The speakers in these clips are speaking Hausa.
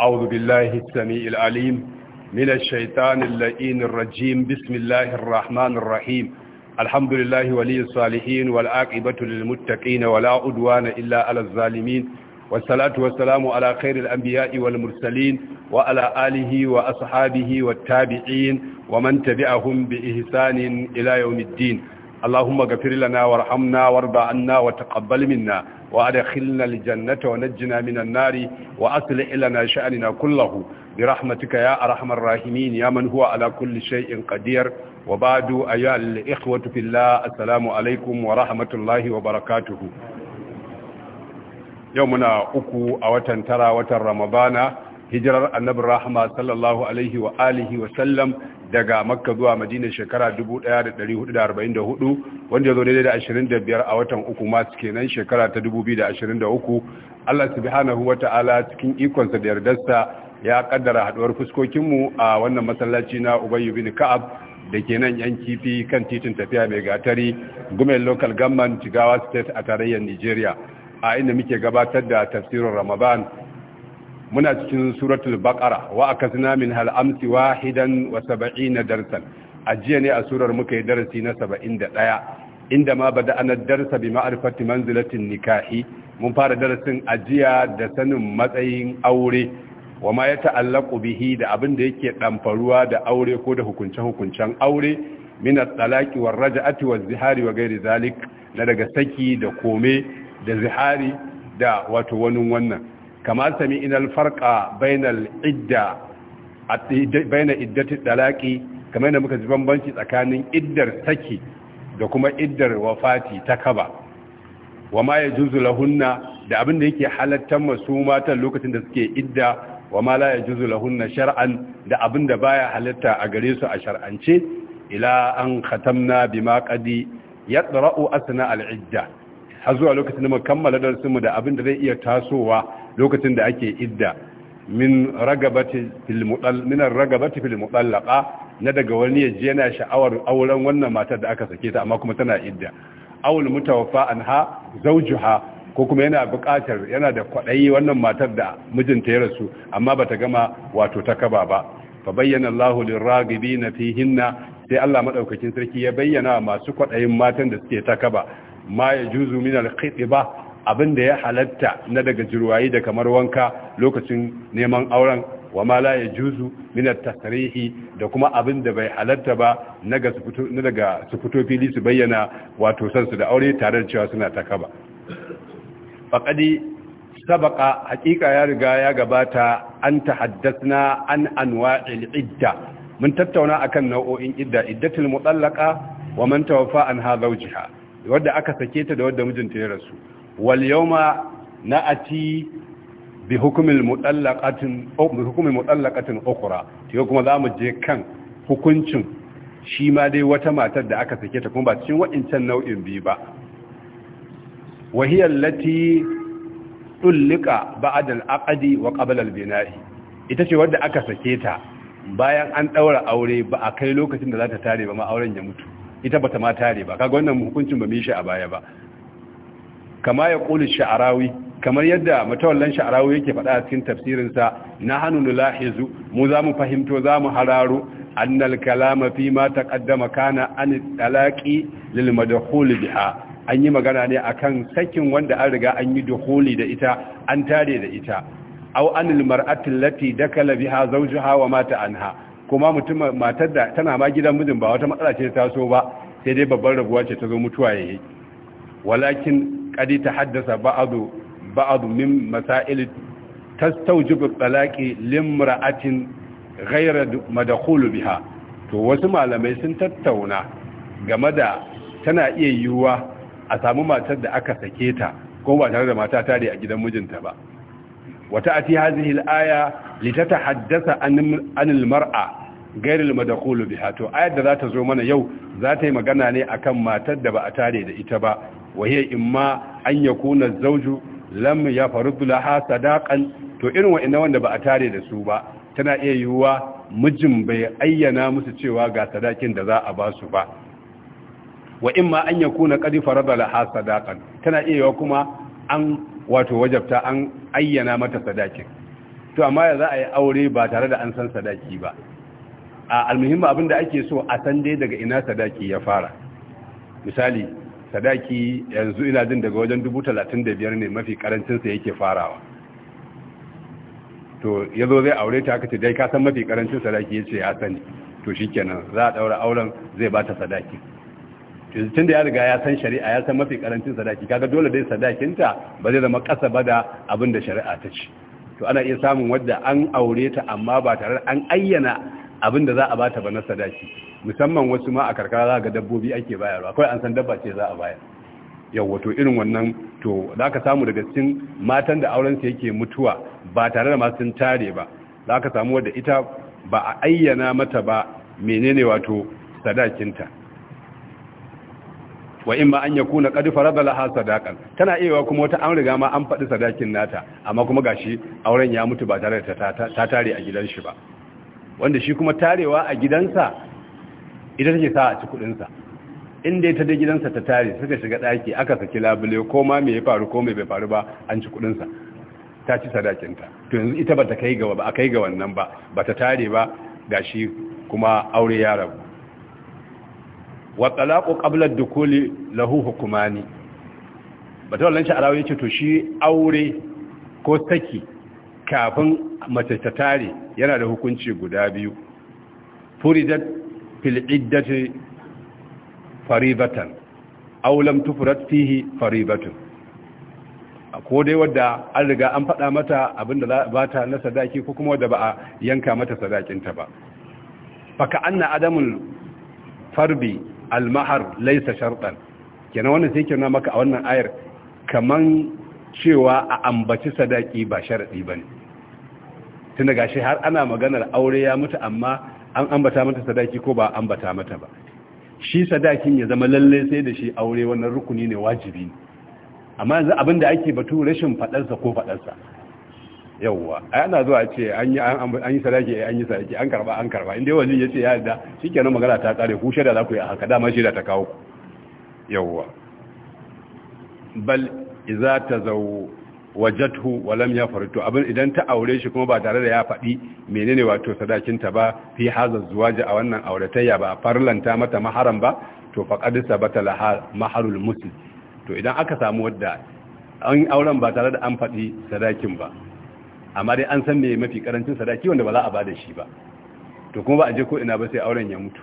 أعوذ بالله السميع العليم من الشيطان اللئين الرجيم بسم الله الرحمن الرحيم الحمد لله ولي الصالحين والعاقبة للمتقين ولا أدوان إلا على الظالمين والصلاة والسلام على خير الأنبياء والمرسلين وعلى آله وأصحابه والتابعين ومن تبعهم بإحسان إلى يوم الدين اللهم اغفر لنا وارحمنا وارض عنا وتقبل منا وأدخلنا الجنة ونجنا من النار وأصلح لنا شأننا كله برحمتك يا أرحم الراحمين يا من هو على كل شيء قدير وبعد أيها الإخوة في الله السلام عليكم ورحمة الله وبركاته يومنا أكو أوتن ترى وتن رمضان hijirar annabi rahama sallallahu alaihi wa alihi wa sallam daga makka zuwa madina shekara 1444 wanda ya zo daidai da 25 a watan uku masu kenan shekara ta 2023 Allah subhanahu wa ta'ala cikin ikonsa da yardarsa ya kaddara haduwar fuskokinmu a wannan masallaci na ubayyu bin ka'ab da ke nan yan kifi kan titin tafiya mai gatari gumen local government jigawa state a tarayyar nigeria a inda muke gabatar da tafsirin ramadan muna cikin suratul baqara wa min hal amsi wahidan wa sab'ina darsan ajiya ne a surar muka yi darasi na 71 inda ma bada anar darsa bi ma'rifati manzilatin nikahi mun fara darasin ajiya da sanin matsayin aure wa ma ya ta'allaqu bihi da abin da yake damfaruwa da aure ko da hukunce-hukuncen aure min at-talaqi war raj'ati waz zihari wa ghairi zalik na daga saki da kome da zihari da wato wannan kamar sami inal farqa bainal idda bainal iddati talaqi kamar da muka ji bambanci tsakanin iddar saki da kuma iddar wafati ta kaba wa ma yajuzu lahunna da abin da yake halattar masu matan lokacin da suke idda wa ma la yajuzu lahunna shar'an da abin da baya halatta a gare su a shar'ance ila an khatamna bima qadi yadra'u asna al-idda har zuwa lokacin da mun kammala darsinmu da abin da zai iya tasowa lokacin da ake idda min ragabati fil mudall na daga wani yaje yana sha'awar auren wannan matar da aka sake ta amma kuma tana idda awul mutawaffa anha zawjuha ko kuma yana buƙatar yana da kwaɗayi wannan matar da mijinta ya rasu amma bata gama wato ta kaba ba fa bayyana Allahu liragibina hinna sai Allah madaukakin sarki ya bayyana masu kwaɗayin matan da suke ta kaba ma yajuzu min alqitba abin da ya halatta na daga jirwayi da kamar wanka lokacin neman auren wa ma la juzu min at-tasrihi da kuma abin da bai halatta ba na daga su fito fili su bayyana wato san da aure tare da cewa suna takaba faqadi sabaka hakika ya riga ya gabata an tahaddathna an anwa'il idda mun tattauna akan nau'o'in idda iddatul mutallaqa wa man tawaffa hadha wajha wadda aka sake ta da wadda mijinta ya rasu wal yawma na'ati bi hukumil mutallaqatin aw bi hukumil mutallaqatin ukhra to kuma zamu je kan hukuncin shi ma dai wata matar da aka sake ta kuma ba cikin wa'incan nau'in biyu ba wa hiya allati tullika ba'da al-aqdi wa qabla al-bina'i ita ce wadda aka sake ta bayan an ɗaura aure ba a kai lokacin da za ta tare ba ma auren ya mutu ita bata ma tare ba kaga wannan hukuncin ba mishi a baya ba kama ya ƙulu sha'arawi kamar yadda matawallan sha'arawi yake faɗa a cikin tafsirinsa na hannu lahizu mu za mu fahimto za mu hararo annal kalama fi ma ta ƙaddama kana an lilma da huli biha an yi magana ne a kan sakin wanda an riga an yi da huli da ita an tare da ita au anil mar'ati allati dakala biha ji hawa mata anha kuma mutum matar da tana ma gidan mijin ba wata matsala ce ta so ba sai dai babbar rabuwa ce ta zo mutuwa yayi walakin قد تحدث بعض بعض من مسائل تستوجب الطلاق لامرأة غير مدخول بها to wasu malamai sun tattauna game da tana iya yiwuwa a samu matar da aka sake ta ko ba tare da mata tare a gidan mijinta ba wata ati hazihi lita ta litatahaddasa anil mar'a gairil madakulu biha to ayar da za ta zo mana yau za ta yi magana ne akan matar da ba a tare da ita ba waye imma an yakuna zawju lam faru laha sadaqan to irin wa'ina wanda ba a tare da su ba tana iya yiwuwa mijin bai ayyana musu cewa ga sadakin da za a ba su ba wa imma an yakuna qad farada laha sadaqan tana iya yiwuwa kuma an wato wajabta an ayyana mata sadakin to amma ya za a yi aure ba tare da an san sadaki ba a almuhimmi abin da ake so a san dai daga ina sadaki ya fara misali sadaki yanzu ina jin daga wajen dubu talatin da biyar ne mafi karancinsa yake farawa to ya zo zai aure ta aka ce dai ka san mafi karancin sadaki ya ce ya sani to shi kenan za a ɗaura auren zai ba ta sadaki tun da ya riga ya san shari'a ya san mafi karancin sadaki kaga dole dai sadakinta ba zai zama kasa ba da abin da shari'a ta ce to ana iya samun wadda an aure ta amma ba tare an ayyana abin da za a bata ba na sadaki musamman wasu ma a karkara za ga dabbobi ake bayarwa akwai an san dabba ce za a bayar yau to irin wannan to za ka samu daga cikin matan da aurensu yake mutuwa ba tare da masu tare ba za ka samu wadda ita ba a ayyana mata ba menene wato sadakinta wa in ma an yakuna qad farada laha sadaqan tana iya kuma wata an riga ma an faɗi sadakin nata amma kuma gashi auren ya mutu ba tare da ta tare a gidan shi ba wanda shi kuma tarewa a gidansa ita take sa a ci kudinsa inda ya da gidansa ta tare suka shiga daki aka saki labule ko ma me faru ko me bai faru ba an ci kudinsa ta ci sadakinta to yanzu ita bata kai ga ba kai ga wannan ba ba ta tare ba ga shi kuma aure ya rabu wa talaqu qabla ad lahu hukumani bata wallan shi ya yace to shi aure ko saki kafin mace ta tare yana da hukunci guda biyu furidat fil iddati faribatan aw lam tufrat fihi faribatan ko dai wadda an riga an faɗa mata abinda ba ta na sadaki ko kuma wadda ba a yanka mata sadakinta ba faka anna adamul farbi almahar laisa shartan kenan wannan sai kenan maka a wannan ayar kaman cewa a ambaci sadaki ba sharaɗi ba ne tun daga shi har ana maganar aure ya mutu amma an ambata mata sadaki ko ba ambata mata ba shi sadakin ya zama lalle sai da shi aure wannan rukuni ne wajibi ne amma yanzu abin da ake batu rashin faɗarsa ko faɗarsa yawwa ai ana zuwa ce an yi an yi sadaki eh, an yi sadaki an karba an karba inda wani ya ce ya da shikenan magana ta kare ku shaida za ku yi a haka dama shaida ta kawo ku yawwa bal iza ta zau wajathu wa lam yafartu abin idan ta aure shi kuma ba tare da ya faɗi menene wato sadakin ba fi haza zuwaji a wannan auratayya ba farlanta mata maharam ba to faqad sabata laha maharul muslim to idan aka samu wadda an auren ba tare da an faɗi sadakin ba amma dai an san me mafi karancin sadaki wanda ba za a bada shi ba to kuma ba a je ko ina ba sai auren ya mutu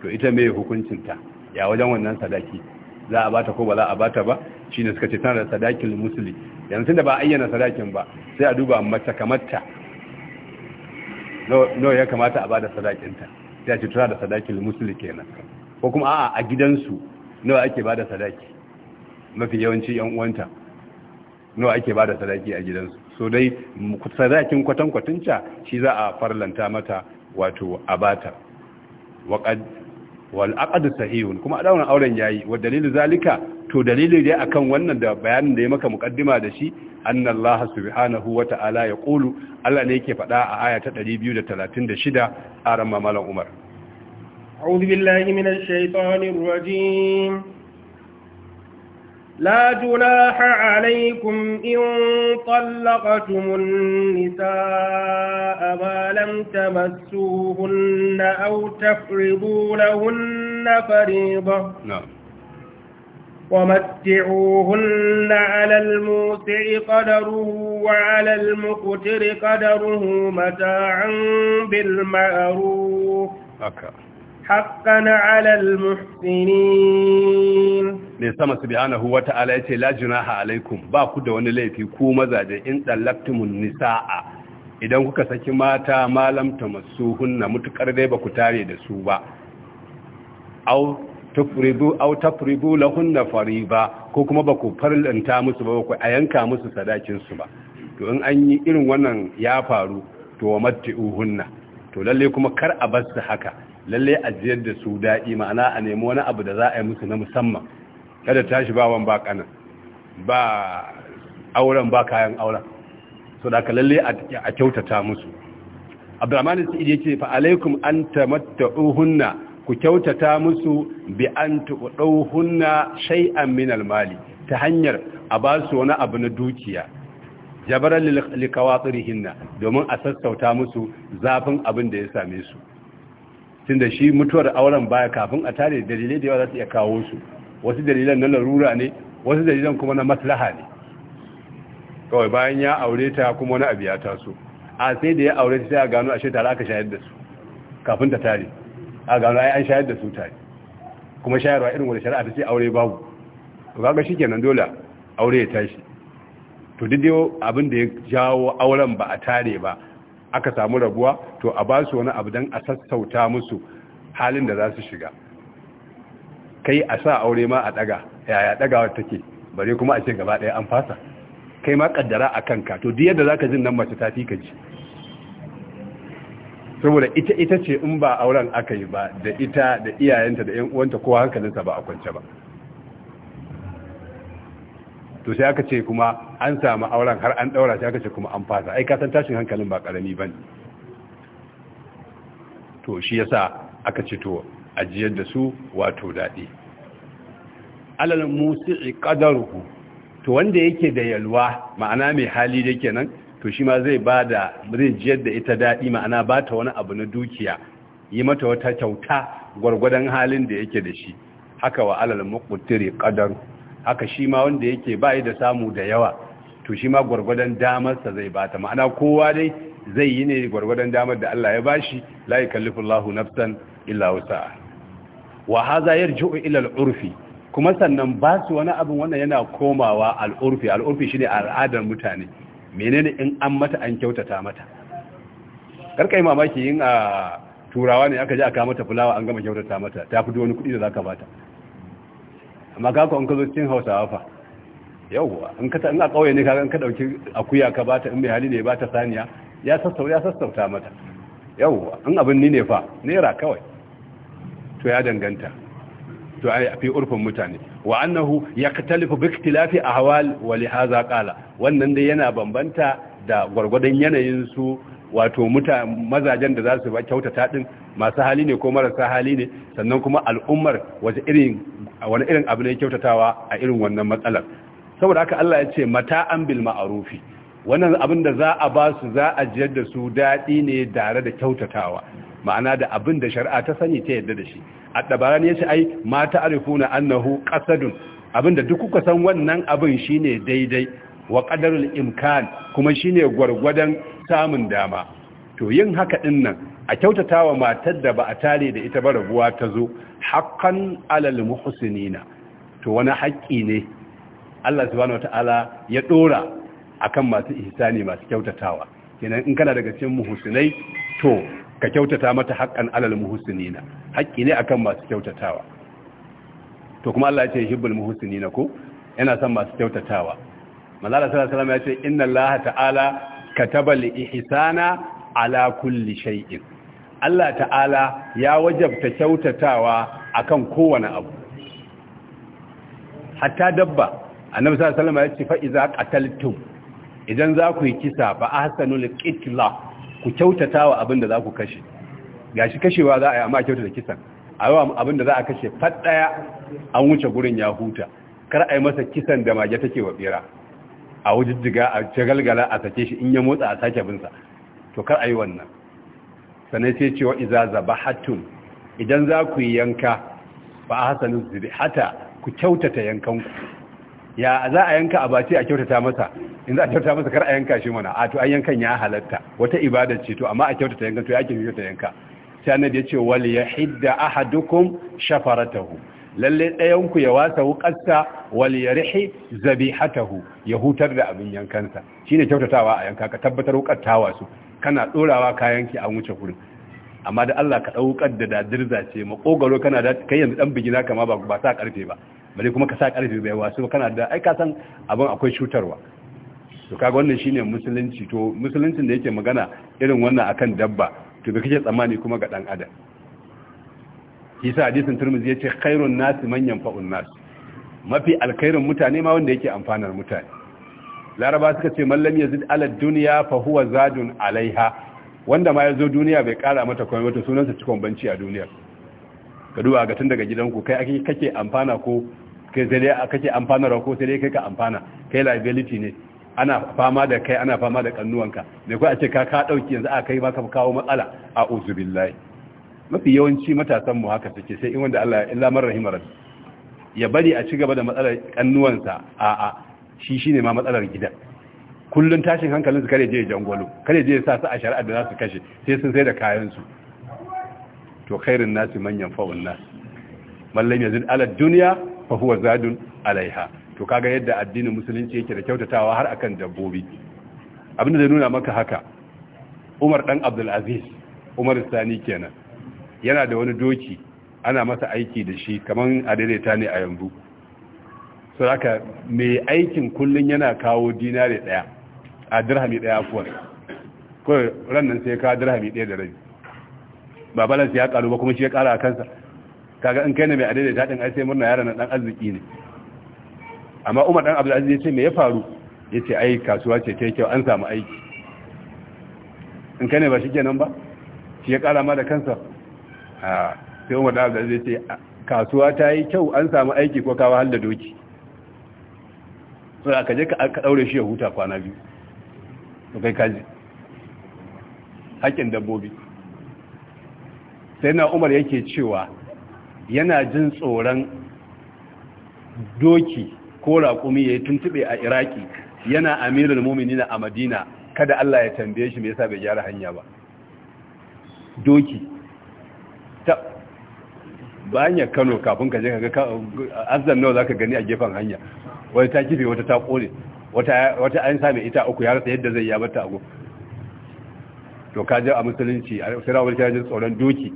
to ita me hukuncin ta ya wajen wannan sadaki za a bata ko ba za a bata ba Shi ne suka ce tana da sadakin musulmi yanzu da ba ayyana sadakin ba sai a duba mace kamarta no ya kamata a bada sadakinta sai a ce tana da sadakin musulmi kenan ko kuma a'a a gidansu nawa ake bada sadaki mafi yawanci yan uwanta nawa ake bada sadaki a gidansu so dai sadakin kwatankwatunca shi za a farlanta mata wato a bata wal aqd sahihun kuma a daunan auren yayi wa dalilin zalika to dalili dai akan wannan da bayanin da ya maka mukaddima da shi Annan annallaha subhanahu wata'ala ya qulu Allah ne yake faɗa a aya ta 236 a ramma malam Umar A'udhu billahi minash shaitanir rajim La junaha alaykum in talaqtumun nisaa ma lam tamassuhunna aw tafridunahunna fariidatan Na'am ومتعوهن على الموسع قدره وعلى المقتر قدره متاعا بالمعروف حقا على المحسنين ne sama subhanahu wata'ala yace la junaha alaikum ba ku da wani laifi ku mazaje in dallaktumun nisaa idan kuka saki mata malam tamassuhunna mutukar dai ba ku tare da su ba au tufribu aw tafridu lahunna fariba ko kuma ba ku farlanta musu ba ku yanka musu sadakin su ba to in an yi irin wannan ya faru to wa to lalle kuma kar a bar haka lalle a jiyar da su daɗi ma'ana a nemi wani abu da za a yi musu na musamman kada tashi ba wan ba ba auren ba kayan auren so da ka lalle a kyautata musu abdurrahman sa'id yace fa alaikum an tamatta'uhunna ku kyautata musu bi an tuɗauhunna shay'an min almali ta hanyar a ba su wani abu na dukiya jabaran likawatsirihinna domin a sassauta musu zafin abin da ya same su tun da shi mutuwar auren baya kafin a tare dalilai da yawa za su iya kawo su wasu dalilan na larura ne wasu dalilan kuma na maslaha ne kawai bayan ya aure ta kuma wani abu ya taso a sai da ya aure ta sai a gano ashe tare aka shayar da su kafin ta tare a gano rayu an shayar da su tare kuma shayarwa irin wani shari'a ta ce aure babu to kaga shikenan dole aure ya tashi to duk abin da ya jawo auren ba a tare ba aka samu rabuwa to a ba su wani abu don a sassauta musu halin da za su shiga kai a sa aure ma a daga yaya dagawa take bare kuma a ce gaba ɗaya an fasa kai ma kaddara a kanka to duk yadda zaka jin nan mace ta fi ka ji saboda ita ita ce in ba auren aka yi ba da ita da iyayenta da 'yan uwanta ko hankalinsa ba a kwance ba to sai aka ce kuma an samu auren har an daura sai aka ce kuma an fasa ai ka san tashin hankalin ba karami ne. to shi yasa aka ce to ajiyar da su wato daɗi. alal musi'i qadaruhu to wanda yake da yalwa ma'ana mai hali da kenan to shi ma zai ba da zai jiyar da ita daɗi ma'ana ba ta wani abu na dukiya yi mata wata kyauta gwargwadon halin da yake da shi haka wa alal muqtiri qadaru haka shi ma wanda yake ba da samu da yawa to shi ma gwargwadon damar sa zai ta ma'ana kowa dai zai yi ne gwargwadon damar da Allah ya bashi la yukallifullahu nafsan illa wusa'a wa hadha yarji'u ila al-urfi kuma sannan ba su wani abin wannan yana komawa al Al'urfi shi ne shine al'adar mutane menene in an mata an kyautata mata karka yi mamaki yin a turawa ne aka ji aka mata fulawa an gama kyautata mata ta fi wani kuɗi da za ka bata amma ka ku an ka zo cikin hausawa fa yauwa in ka in a ƙauye ne kaga in ka ɗauki akuya ka bata in mai hali ne ba ta saniya ya sassauta ya sassauta mata yauwa in abin ni ne fa nera kawai to ya danganta to ai fi urfin mutane wa annahu yaktalifu bi ikhtilafi ahwal wa li hadha qala wannan dai yana bambanta da gwargwadon yanayin su wato muta mazajen da za su kyautata din masu hali ne ko marasa hali ne sannan kuma al'ummar waje irin wani irin abu ne kyautatawa a irin wannan matsalar saboda haka Allah ya ce mata'an bil ma'arufi wannan abin da za a ba su za a jiyar da su daɗi ne tare da kyautatawa ma'ana da abin da shari'a ta sani ta yadda da shi addabaran yace ai ma na annahu qasadun abinda duk kuka san wannan abin shine daidai wa qadarul imkan kuma shine gwargwadon samun dama to yin haka din nan a kyautatawa matar da ba a tare da ita ba rabuwa ta zo haqqan alal muhsinina to wani haƙƙi ne Allah subhanahu wataala ya dora akan masu ihsani masu kyautatawa kenan in kana daga cikin muhsinai to ka kyautata mata haƙƙan alal muhusinina. haƙƙi ne akan masu kyautatawa to kuma Allah ya ce hibbul muhusinina ko yana son masu kyautatawa manzala sallallahu alaihi wasallam ya ce inna Allah ta'ala kataba al-ihsana ala kulli shay'in Allah ta'ala ya wajabta kyautatawa akan kowane abu hatta dabba annabi sallallahu alaihi wasallam ya ce fa iza qataltum idan za ku yi kisa fa ahsanul qitla ku kyautata wa abin da za ku kashe shi kashewa za a yi amma kyautata kisan a yi wa abin da za a kashe faɗaya an wuce gurin ya huta kar a yi masa kisan da mage take wa bera a wujijjiga a cagalgala a sake shi in ya motsa a sake binsa to kar a yi wannan sannan sai cewa iza hatun idan za ku yi yanka ba a hasanin hata ku kyautata yankanku ya za a yanka a abaci a kyautata masa in za a kyautata masa kar a yanka shi mana a to an yankan ya halatta wata ibada ce to amma a kyautata yankan to ya ke kyautata yanka sai annabi ya ce wal yahidda ahadukum shafaratahu lalle ɗayan ku ya wasa wukarsa wal yarihi zabihatahu ya hutar da abin yankan sa, shine kyautatawa a yanka ka tabbatar wukar ta kana dorawa kayan ki an wuce gurin amma da Allah ka wukar da dadirza ce makogaro kana da kai yanzu dan bigina kama ba ba sa karfe ba bare kuma ka sa karfe bai wasu kana da ai ka san abin akwai cutarwa to kaga wannan shine musulunci to musuluncin da yake magana irin wannan akan dabba to bai kace tsammani kuma ga dan adam yasa hadisin turmizi yace khairun nas man yanfa'un nas mafi alkhairin mutane ma wanda yake amfanar mutane laraba suka ce mallam yazid ala dunya fa huwa zadun alaiha wanda ma yazo duniya bai kara mata komai wata sunansa cikon banci a duniyar ka duba ga tun daga gidanku kai ake kake amfana ko kai sai dai kake amfanarwa ko sai dai kai ka amfana kai liability ne ana fama da kai ana fama da kannuwanka da kai a ce ka ka dauki yanzu a kai ma ka kawo matsala a uzubillahi mafi yawanci matasan mu haka suke sai in wanda Allah ya illa mar rahimar ya bari a ci gaba da matsalar kannuwansa a a shi shine ma matsalar gida kullun tashin hankalin su kare je jangwalo kare je sa su a shari'a da za su kashe sai sun sai da kayan su to khairun nasi manyan fa'un nas mallam yazid ala dunya fa huwa zadun alaiha to kaga yadda addinin musulunci yake da kyautatawa har akan dabbobi abinda zai nuna maka haka Umar dan Abdul Aziz Umar Sani kenan yana da wani doki ana masa aiki da shi kaman a daidaita ne a yanzu so haka mai aikin kullun yana kawo dinare daya a dirhami daya kuwa Ko ran nan sai ka dirhami daya da rabi ba balance ya karu ba kuma shi ya kara a kansa kaga in kai ne mai adaidaita din ai sai murna yaron dan arziki ne amma Umar dan Abdul Aziz yace me ya faru yace ai kasuwa ce ta kyau an samu aiki in kai ne ba shi kenan ba shi ya kara ma da kansa a sai Umar dan Abdul Aziz yace kasuwa ta yi kyau an samu aiki ko kawo halda doki sai aka je ka daure shi ya huta kwana biyu to kai kaji haƙin dabbobi sai na umar yake cewa yana jin tsoron doki ko raƙumi ya yi tuntube a iraki yana amirul na a madina kada Allah ya tambaye shi me yasa bai gyara hanya ba doki ta banya Kano kafin ka je ka azan nawa zaka gani a gefen hanya wani ta kife wata ta kore wata wata an sami ita uku ya rasa yadda zai ya bata go? to ka je a musulunci sai rawar ta jin tsoron doki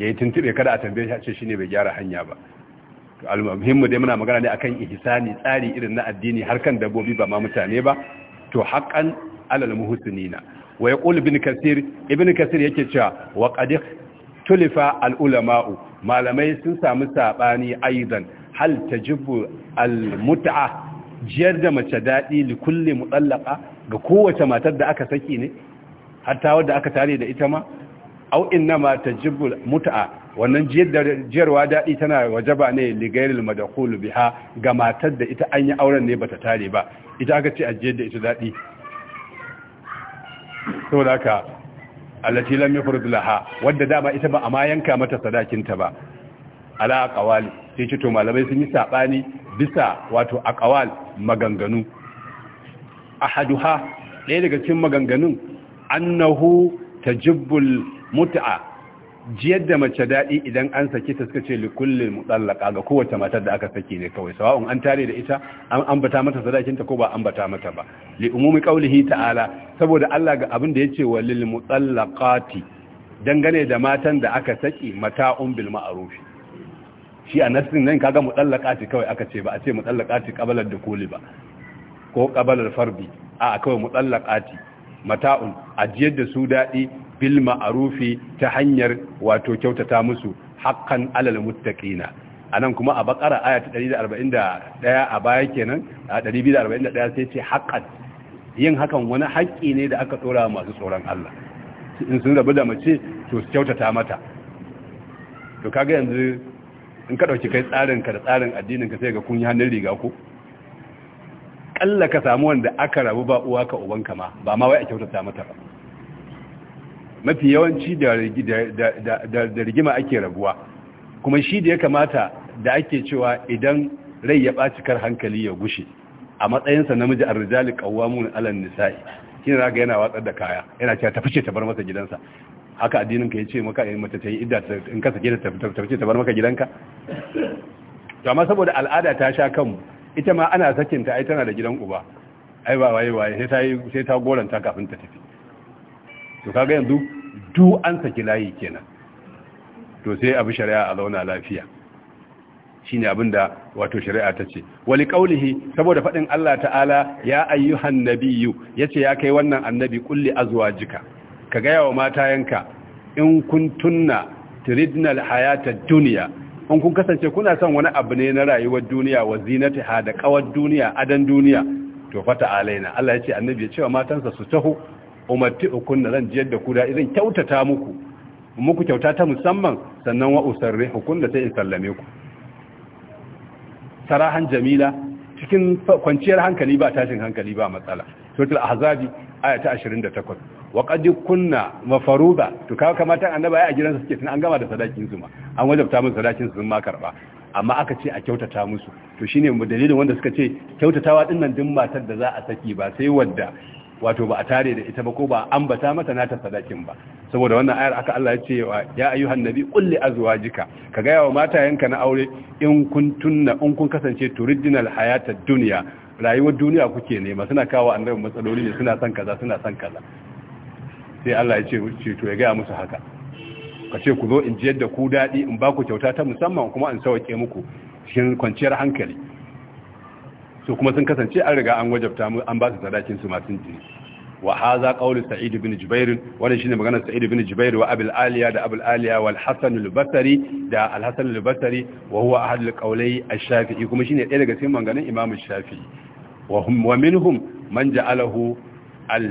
ya yi tuntube kada a tambaye shi a ce ne bai gyara hanya ba almuhimmu dai muna magana ne akan ihsani tsari irin na addini har dabbobi ba ma mutane ba to haƙan alal muhsinina wa yaqul bin kasir ibn kasir yake cewa wa qad tulifa al ulama'u malamai sun samu sabani aidan hal tajibu al mut'a jiyar da mace daɗi li kulli mutallaqa ga kowace matar da aka saki ne hatta wadda aka tare da ita ma au ma tajibul mut'a wannan jiyarwa daɗi tana wajaba ne ligairil madkhul biha ga matar da ita an yi auren ne bata tare ba ita aka ce ajiyar da ita daɗi to laka allati lam yafrud laha wadda dama ita ba a ma yanka mata ta ba ala qawal sai ce to malamai sun yi sabani bisa wato aqwal maganganu ahaduha ɗaya daga cikin maganganun annahu tajibbul mut'a jiyar da mace daɗi idan an saki ta suka ce likullin mutsallaka ga kowace matar da aka saki ne kawai sawa'un an tare da ita an ambata mata sadakinta ko ba ambata mata ba li umumi qaulihi ta'ala saboda Allah ga abin da yace walil mutsallaqati dangane da matan da aka saki mata'un bil ma'ruf shi a nasrin nan kaga mutsallaqati kawai aka ce ba a ce mutsallaqati qabalar da koli ba ko qabalar farbi a kawai mutsallaqati mata'un ajiyar da su daɗi bil ma'arufi ta hanyar wato kyautata musu haqqan alal muttaqina anan kuma a bakara aya ta 141 a baya kenan a 241 sai ce haqqan yin hakan wani haƙƙi ne da aka tsora masu tsoron Allah in sun rabu da mace to su kyautata mata to kaga yanzu in ka ɗauki kai tsarin ka da tsarin addininka sai ga kun yi hannun riga ko kalla ka samu wanda aka rabu ba uwa ka ubanka ma ba ma wai a kyautata mata ba mafi yawanci da rigima ake rabuwa kuma shi da ya kamata da ake cewa idan rai ya ɓaci kar hankali ya gushe a matsayinsa namiji a rijali ƙawamun alan nisa'i shi ne yana watsar da kaya yana cewa ta fice ta bar masa gidansa haka addinin ka ya ce maka yin eh, mata ta yi idda in ka sake ta fice ta bar maka gidanka to amma saboda al'ada ta sha kanmu ita ma ana sakinta ai tana da gidan uba ai ba waye waye sai ta goranta kafin ta tafi to kaga yanzu du an saki layi kenan to sai abu shari'a a zauna lafiya shine abinda wato shari'a ta ce wali qaulihi saboda fadin Allah ta'ala ya ayyuhan nabiyyu yace ya kai wannan annabi kulli azwajika ka ga yawa yanka in kun kuntunna turidnal hayata dunya in kun kasance kuna son wani abu ne na rayuwar duniya wa zinatiha da kawar duniya adan duniya to fata alaina Allah yace annabi ya ce wa matansa su taho umatti'ukum zan jiyar da ku da zan kyautata muku muku kyauta ta musamman sannan wa usarrihukum da sai in sallame ku sarahan jamila cikin kwanciyar hankali ba tashin hankali ba matsala suratul ahzabi aya ta 28 wa qad kunna mafaruda to kawo kamata annaba ya a gidansa suke tun an gama da sadakin zuma an wajabta musu sadakin su sun ma karba amma aka ce a kyautata musu to shine dalilin wanda suka ce kyautatawa din nan din matar da za a saki ba sai wadda wato ba a tare da ita ba ko ba ambata mata nata sadakin ba saboda wannan ayar aka Allah ya ce ya ayyuhan nabi qul azwajika ka ga yawa yanka na aure in kuntunna in kun kasance turidinal hayata dunya rayuwar duniya kuke nema suna kawo annabi matsaloli ne suna son kaza suna son kaza sai Allah ya ce ce to ya ga musu haka ka ce ku zo in ji yadda ku dadi in ba ku kyauta ta musamman kuma in sauke muku cikin kwanciyar hankali su kuma sun kasance an riga an wajabta mu an ba su sadakin su masu jini wa haza qawlu sa'id ibn jubair wannan shine magana sa'id ibn jubair wa abul aliya da abul aliya wal hasan al basri da al hasan al basri wa huwa ahad al qawlai al shafi'i kuma shine ɗaya daga cikin maganganun imam shafi'i wa hum wa minhum man ja'alahu al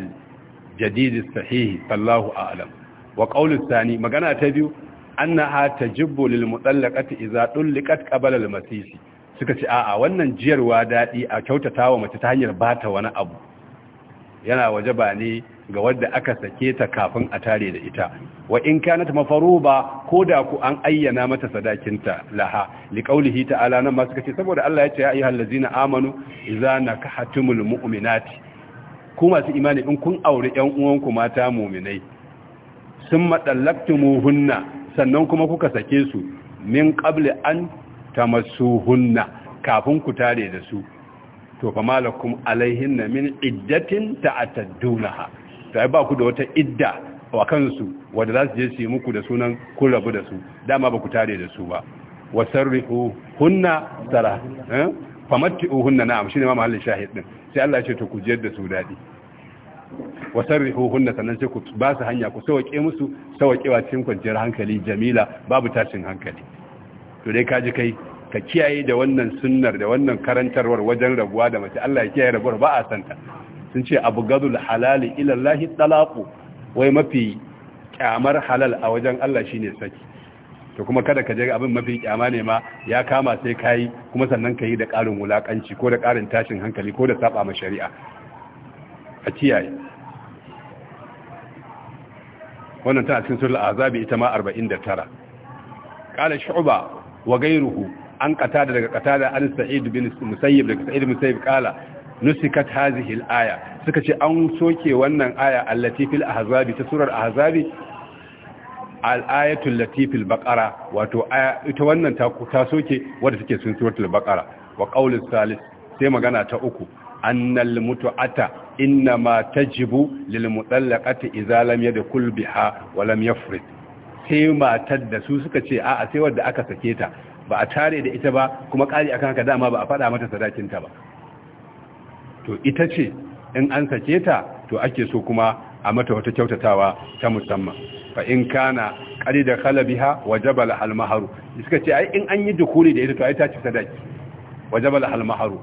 jadid al sahih sallahu a'lam wa qawlu thani magana ta biyu annaha tajibbu lil mutallaqati idha tulliqat qabla al masisi suka ce a'a wannan jiyarwa daɗi a kyautata wa mace ta hanyar ba ta wani abu yana waje ba ne ga wadda aka sake ta kafin a tare da ita wa in ta mafaro ba? ko da ku an ayyana mata sadakinta laha liqaulihi ta'ala nan ma suka ce saboda Allah ya ce ya ayyuhal ladzina amanu idza nakahatumul mu'minati ku masu imani in kun aure ƴan uwanku mata mu'minai sun madallaktumuhunna sannan kuma kuka sake su min qabli an tamassuhunna kafin ku tare da su to fa malakum alaihinna min iddatin ta'taddunaha to ai ba ku da wata idda wa kansu wanda za su je su yi muku da sunan kun rabu da su dama ba ku tare da su ba wasarrihu hunna eh? fa famatti'u hunna na'am shine ma mahallin shahid din sai Allah ya ce to ku je da su dadi wasarrihu hunna sannan sai ku ba su hanya ku sauke musu saukewa cikin kwanciyar hankali jamila babu tashin hankali to dai kaji kai ka kiyaye da wannan sunnar da wannan karantarwar wajen rabuwa da mace Allah ya kiyaye rabuwar ba a santa sun ce abu gadul halali ilallahi talaqu wai mafi kyamar halal a wajen Allah shine saki to kuma kada ka je abin mafi kyama ne ma ya kama sai kai kuma sannan kai da ƙarin wulakanci ko da ƙarin tashin hankali ko da saba ma shari'a a kiyaye wannan tana cikin sura azabi ita ma 49 kala shu'ba wa gairuhu an qatada daga qatada an sa'id bin musayyib daga sa'id bin nusikat hadhihi al suka ce an soke wannan aya allati fil ahzabi ta surar ahzabi al-ayatul latifil baqara wato ita wannan ta soke wanda take sun suratul baqara wa qaulus sai magana ta uku annal mutu'ata inma tajibu lil mutallaqati idza lam yadkhul biha wa lam yafrid sai matar da su suka ce a sai wadda aka sake ta ba a tare da ita ba kuma kari akan haka dama ba a faɗa mata sadakinta ba to ita ce in an sake ta to ake so kuma a mata wata kyautatawa ta musamman fa in kana ƙari da khalabiha wajaba al halmaharu suka ce ai in an yi dukuri da ita to ai ta ci sadaki wajabal al maharu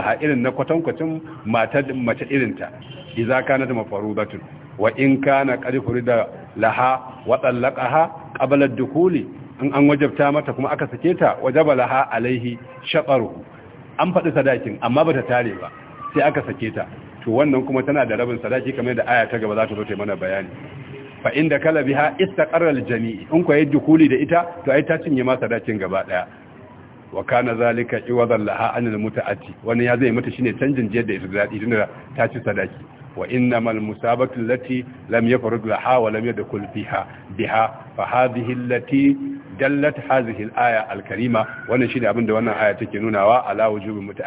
ha irin na kwatankwacin matar mace irinta idza kanat mafarudatun wa in kana qad da laha wa talaqaha qabla ad in an wajabta mata kuma aka sake ta wajaba laha alaihi shaqaruhu an faɗi sadakin amma bata tare ba sai aka sake ta to wannan kuma tana da rabin sadaki kamar da aya ta gaba za ta zo ta mana bayani fa inda kala biha istaqarra aljami'i in ko yayi dukuli da ita to ai ta cinye ma sadakin gaba daya wa kana zalika iwadan laha anil mutaati wannan ya zai mata shine canjin jiyar da ita da ita ta ci sadaki Wa in na malam sabbin latin lamya for duka hawa lamya da kula biha fa ha bihin latin dallata ha zahil aya alkarima wannan shi da wannan aya ke nunawa ala wajugun mutu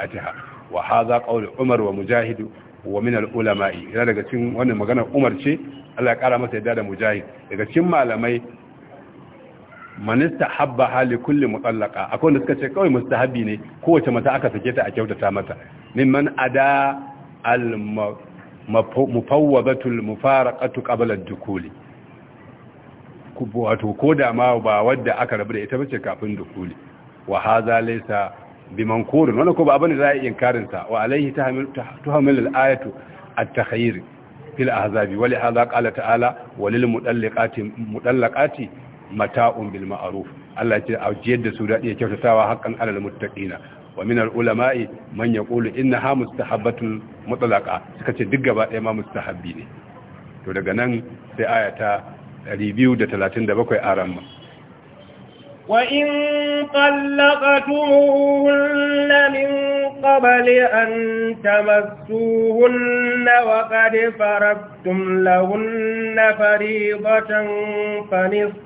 wa haza kawai da umar wa mujahid wa min al'ulama yana daga cin wannan maganar umar ce Allah ya kara masa ya dada mujahid daga cikin malamai minista haba hali kulle musallaka akwai wanda suka ce kai musta ne kowace mata aka fage ta a kyautata mata min man a da mufawwadatul mufaraqatu qabla ad-dukuli wato ko da ma ba wadda aka rabu da ita bace kafin dukuli wa hadha laysa biman kurin wannan ko ba abin da za a yi inkarin sa wa alaihi tuhamil al-ayatu at-takhayyur fil ahzabi wa li hadha qala ta'ala wa lil mudallaqati mudallaqati mata'un bil ma'ruf Allah ya ce a jiyar da su daɗi iya kyautatawa haƙƙan alal muttaqina waminar ulama'i manyan kulu in na ha musu ta haɓɓa matsalaƙa cika ce duk gabadaya ma musu ta haɓɓi ne to daga nan sai ayata ɗari biyu da talatin da bakwai aramma. kwaɗon ɓalekantunmu hulunan min ƙarfi an taɓa suna waƙar farastunan launin fari a batun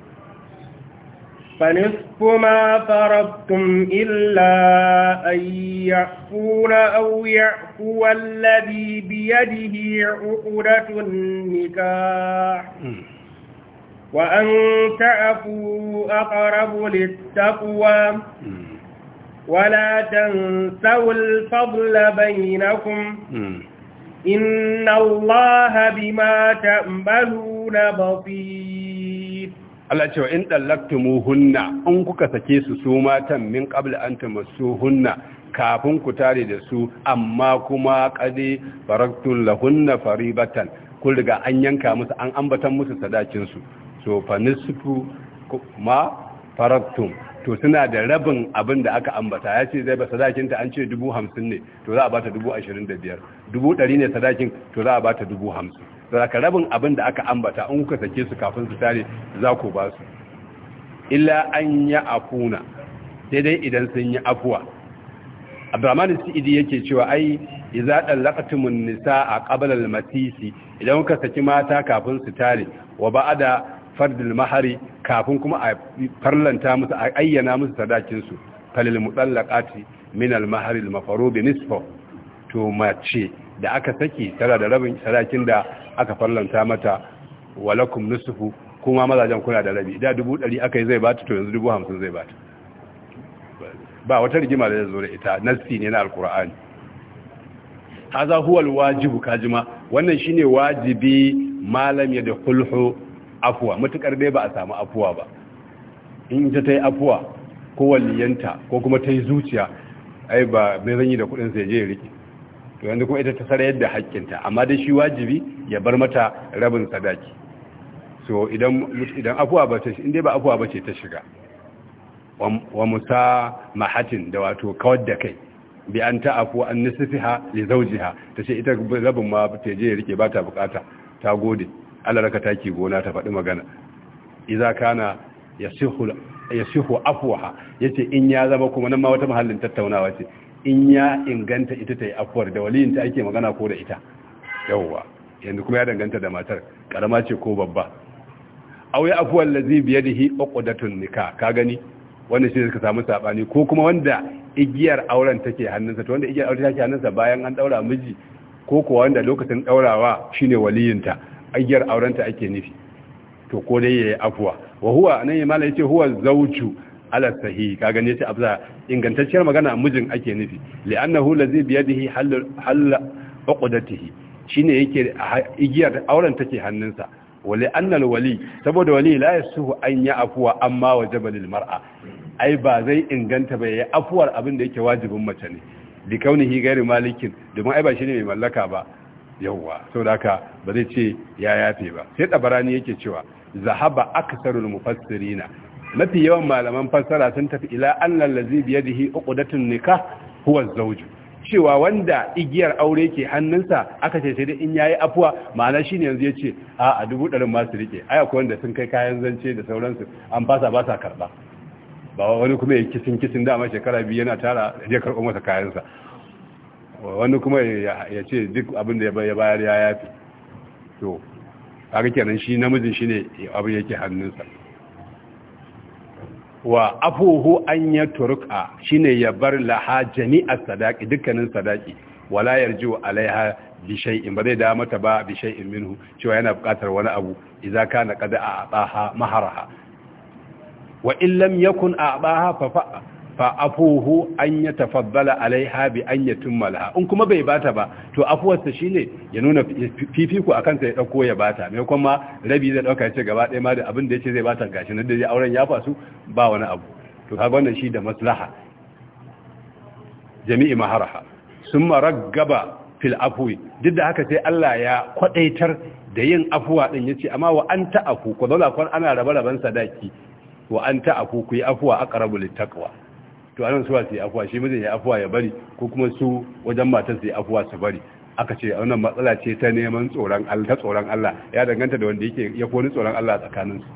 فنصف ما فرضتم إلا أن يعفون أو يعفو الذي بيده عقدة النكاح وأن تعفوا أقرب للتقوى ولا تنسوا الفضل بينكم إن الله بما تأملون بصير Allah cewa in hunna, in kuka sake su su matan min qabla an hunna kafin ku tare da su amma kuma qadi faraktul lahunna faribatan kun riga an yanka musu an ambatan musu sadakin su so fa nisfu ma faraktum to suna da rabin abin da aka ambata ya ce zai ba sadakin ta an ce dubu hamsin ne to za a bata dubu ashirin da biyar dubu ɗari ne sadakin to za a bata dubu hamsin aka rabin abin da aka ambata in kuka sake su kafin su tare za ku ba su illa an ya afuna sai dai idan sun yi afuwa abdurrahman sidi yake cewa ai idza dallaqtumun nisaa qabla al-matisi idan kuka saki mata kafin su tare wa ba'da fardil mahari kafin kuma a farlanta musu a ayyana musu sadakin su falil mutallaqati min al-mahari al-mafrud nisfu to mace da aka saki tana da rabin sadakin da aka fallanta mata walakum nusufu kuma mazajen kuna da rabi da dubu ɗari aka yi zai bata to yanzu dubu hamsin zai bata ba wata rigima da zo da ita nassi ne na alkur'ani haza huwal wajibu kajima wannan shine wajibi malam ya da hulhu afuwa mutukar dai ba a samu afuwa ba in ta yi afuwa ko yanta ko kuma ta yi zuciya ai ba mai zanyi da kudin sai je riki to yanzu kuma ita ta sarayar da haƙƙinta amma dai shi wajibi ya bar mata rabin sadaki so idan idan afuwa ba ta inda ba afuwa ba ce ta shiga wa musa mahatin da wato kawar da kai bi an ta afu an nisfiha li zawjiha tace ita rabin ma ta je rike ba ta bukata ta gode Allah raka taki gona ta faɗi magana idza kana yasihu yasihu afwaha yace in ya zama kuma nan ma wata mahallin tattaunawa ce in ya inganta ita ta yi afuwar da ta ake magana ko da ita yawwa yanzu kuma ya danganta da matar karama ce ko babba aw ya afuwar da hi uqdatun nika ka gani wanda shi suka samu saɓani. ko kuma wanda igiyar auren take hannunsa to wanda igiyar auren take hannunsa bayan an ɗaura miji ko kuwa wanda lokacin daurawa shine waliyinta igiyar aurenta ake nufi to ko dai yi afuwa wa huwa nan huwa ala sahihi ka gane ta abza ingantacciyar magana mijin ake nufi li'annahu ladhi bi yadihi hal hal uqdatihi shine yake igiyar auren take hannunsa wali annal wali saboda wali la yasuhu an ya afuwa amma wajaba lil mar'a ai ba zai inganta ba yayi afuwar abin da yake wajibin mace ne bi kaunihi gairi malikin domin ai ba shine mai mallaka ba yawwa saboda haka ba zai ce ya yafe ba sai dabarani yake cewa zahaba aktsarul mufassirina mafi yawan malaman fassara sun tafi ila allah lazi bi yadihi uqdatun nikah huwa zawj cewa wanda igiyar aure ke hannunsa aka ce sai dai in yayi afuwa ma'ana shine yanzu yace a a dubu ɗarin ma su rike ai wanda sun kai kayan zance da sauransu an fasa ba sa karba ba wani kuma ya kisin kisin dama shekara biyu yana tara ya karɓo masa kayansa wani kuma ya ce duk abin da ya bayar ya yafi to kaga kenan shi namijin shine abin yake hannunsa wa afuhu an ya turka shine ya bar laha jami'a sadaki dukkanin sadaki wala yarju alaiha bi ba zai da mata ba bi shay'in minhu cewa yana bukatar wani abu idza kana qad a'taha maharaha wa in yakun a'taha fa fa afuhu an ya tafaddala alaiha bi an malaha. in kuma bai bata ba to afuwarsa shine ya nuna fifiko akan sa ya dauko ya bata me kuma rabi zai dauka ce gaba ɗaya ma da abin da yace zai bata gashi Na da auren ya fasu ba wani abu to kaga wannan shi da maslaha jami'i maharaha summa raggaba fil afwi duk da haka sai Allah ya kwadaitar da yin afuwa din yace amma wa anta afu ko dole ana raba raben sadaki wa anta afu ku yi afuwa aqrabu littaqwa to anan suwa su yi afuwa shi mijin ya afuwa ya bari ko kuma su wajen matar su yi afuwa su bari aka ce a wannan matsala ce ta neman tsoron Allah tsoron Allah ya danganta da wanda yake ya koni tsoron Allah tsakanin su.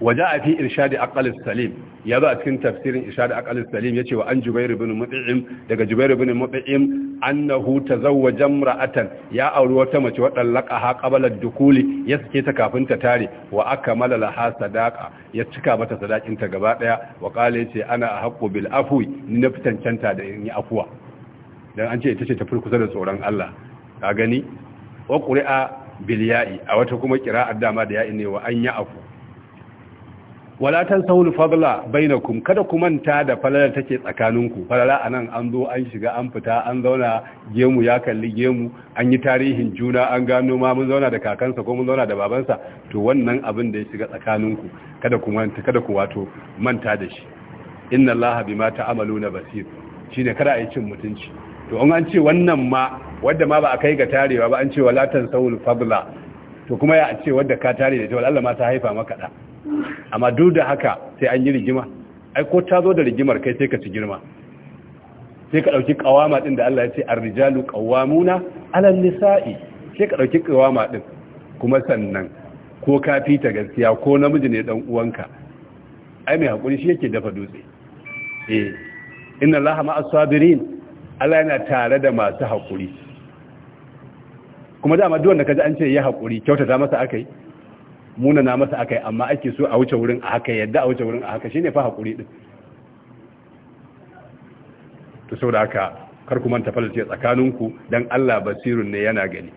waje a fi irshadi aqalis salim ya zo a cikin tafsirin irshadi aqalis salim ce wa an jubair bin mut'im daga jubair ibn mut'im annahu tazawwaja imra'atan ya auri wata mace wa ha qabla dukuli ya sake ta kafin ta tare wa akmala laha sadaqa ya cika mata sadakin ta gaba daya wa qala yace ana ahqqu bil afwi ni na fitancanta da in yi afuwa dan an ce ita ce ta furkusa da tsoron Allah ka gani wa qur'a bil ya'i a wata kuma qira'ar dama da ya'i ne wa an ya afu wala tansawul fadla bainakum kada ku manta da falala take tsakaninku falala anan an zo an shiga an fita an zauna gemu ya kalli gemu an yi tarihin juna an gano ma mun zauna da kakansa ko mun zauna da babansa to wannan abin da ya shiga tsakaninku kada ku manta kada ku wato manta da shi inna allaha bima ta'maluna basir shine kada a yi cin mutunci to an an ce wannan ma wanda ma ba a kai ga tarewa ba an ce wala Sa'ulu fadla to kuma ya ce wanda ka tare da ita wallahi ma ta haifa maka da amma duk da haka sai an yi rigima ai ko ta zo da rigimar kai sai ka ci girma sai ka dauki qawama din da Allah ya ce ar-rijalu qawwamuna 'ala an-nisa'i sai ka dauki qawama din kuma sannan ko ka fita gaskiya ko namiji ne dan uwanka ai mai hakuri shi yake dafa dutse eh inna ma as sabirin Allah yana tare da masu hakuri kuma dama duk wanda kaji an ce ya hakuri kyautata masa akai munana masa aka yi amma ake so a wuce wurin a haka yadda a wuce wurin a haka shine fa haƙuri din to da haka kar ku manta tsakaninku don Allah basirun ne yana gani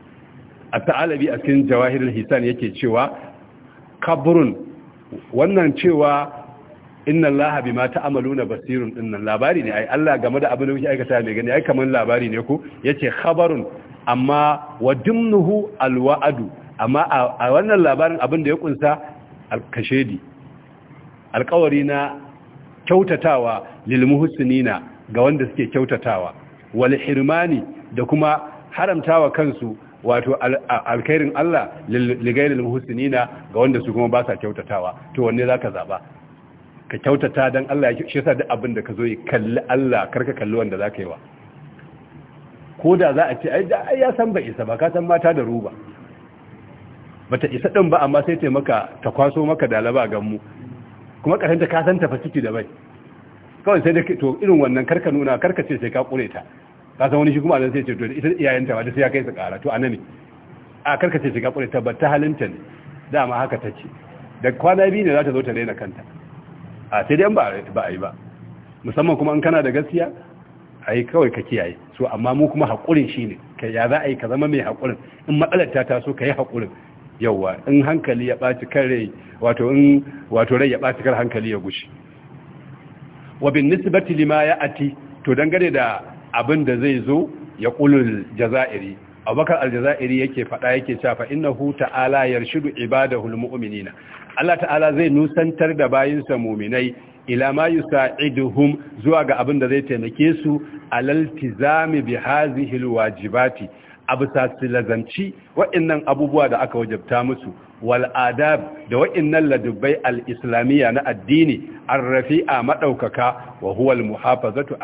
a taalabi a cikin jawahirin hisan yake cewa kaburun wannan cewa inna allaha ma ta'maluna basirun dinnan labari ne ai Allah game da abin da yake aikata mai gani ai kaman labari ne ko yace khabarun amma wa dimnuhu alwa'adu. amma a wannan labarin abin da ya kunsa alkashedi alkawari na kyautatawa lil muhsinina ga wanda suke kyautatawa wal hirmani da kuma haramtawa kansu wato alkhairin Allah ligairin muhsinina ga wanda su kuma ba sa kyautatawa to wanne zaka zaba ka kyautata dan Allah ya shi yasa duk abin da ka zo yi kalli Allah karka kalli wanda za ka yi wa ko da za a ce ai ya san ba isa ba ka san mata da ruba bata isa ɗin ba amma sai ta maka ta kwaso maka dalaba gan mu kuma karanta ka san tafa ciki da bai kawai sai da to irin wannan karka nuna karka ce sai ka kure ta ka san wani shi kuma sai ce to ita iyayenta ba da sai ya kai su kara to anan ne a karka ce sai ka kure ta ba ta halinta ne dama haka ta ce da kwana biyu ne za ta zo ta daina kanta a sai dai ba ba ai ba musamman kuma in kana da gaskiya ai kawai ka kiyaye so amma mu kuma haƙurin shine ka ya za a yi ka zama mai haƙurin in matsalar ta taso ka yi haƙurin yawa in hankali ya ɓaci kan rai wato in wato rai ya ɓaci kan hankali ya gushi wa bin nisbati lima ya ati to dangane da abin da zai zo ya qulul jazairi abubakar aljazairi yake faɗa yake cewa huta innahu ta'ala yarshidu ibada almu'minina Allah ta'ala zai nusantar da bayinsa mu'minai ila ma yusa'iduhum zuwa ga abin da zai taimake su alaltizami bi hazihi alwajibati a bisa silazanci wa'innan abubuwa da aka wajabta musu wal'adab da wa'innan ladubbai al'islamiyya islamiyya na addini rafi a maɗaukaka wa huwa al-muhafazatu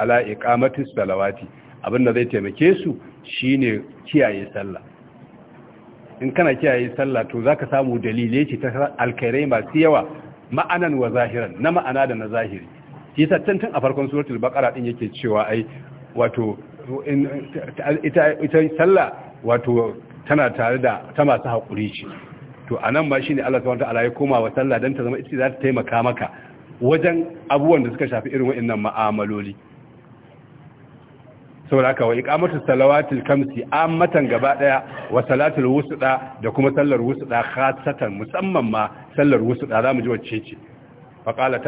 da Lawati, abin da zai taimake su shine kiyaye sallah in kana kiyaye sallah to za ka samu dalilai ce ta alkhairai masu yawa ma'anan wa zahiran na ma'ana da na zahiri Kisa tun a farkon suratul bakara din yake cewa ai wato ita sallah wato tana tare da ta masu haƙuri ce to a nan ba shi ne Allah subhanahu ala ya koma wa sallah don ta zama ita za ta taimaka maka wajen abubuwan da suka shafi irin wa'in nan ma'amaloli Sau da aka wa iqamatu salawatul kamsi ammatan gaba ɗaya, wa salatul wusu da kuma sallar da, khasatan musamman ma sallar za mu ji wacce ce fa ta'ala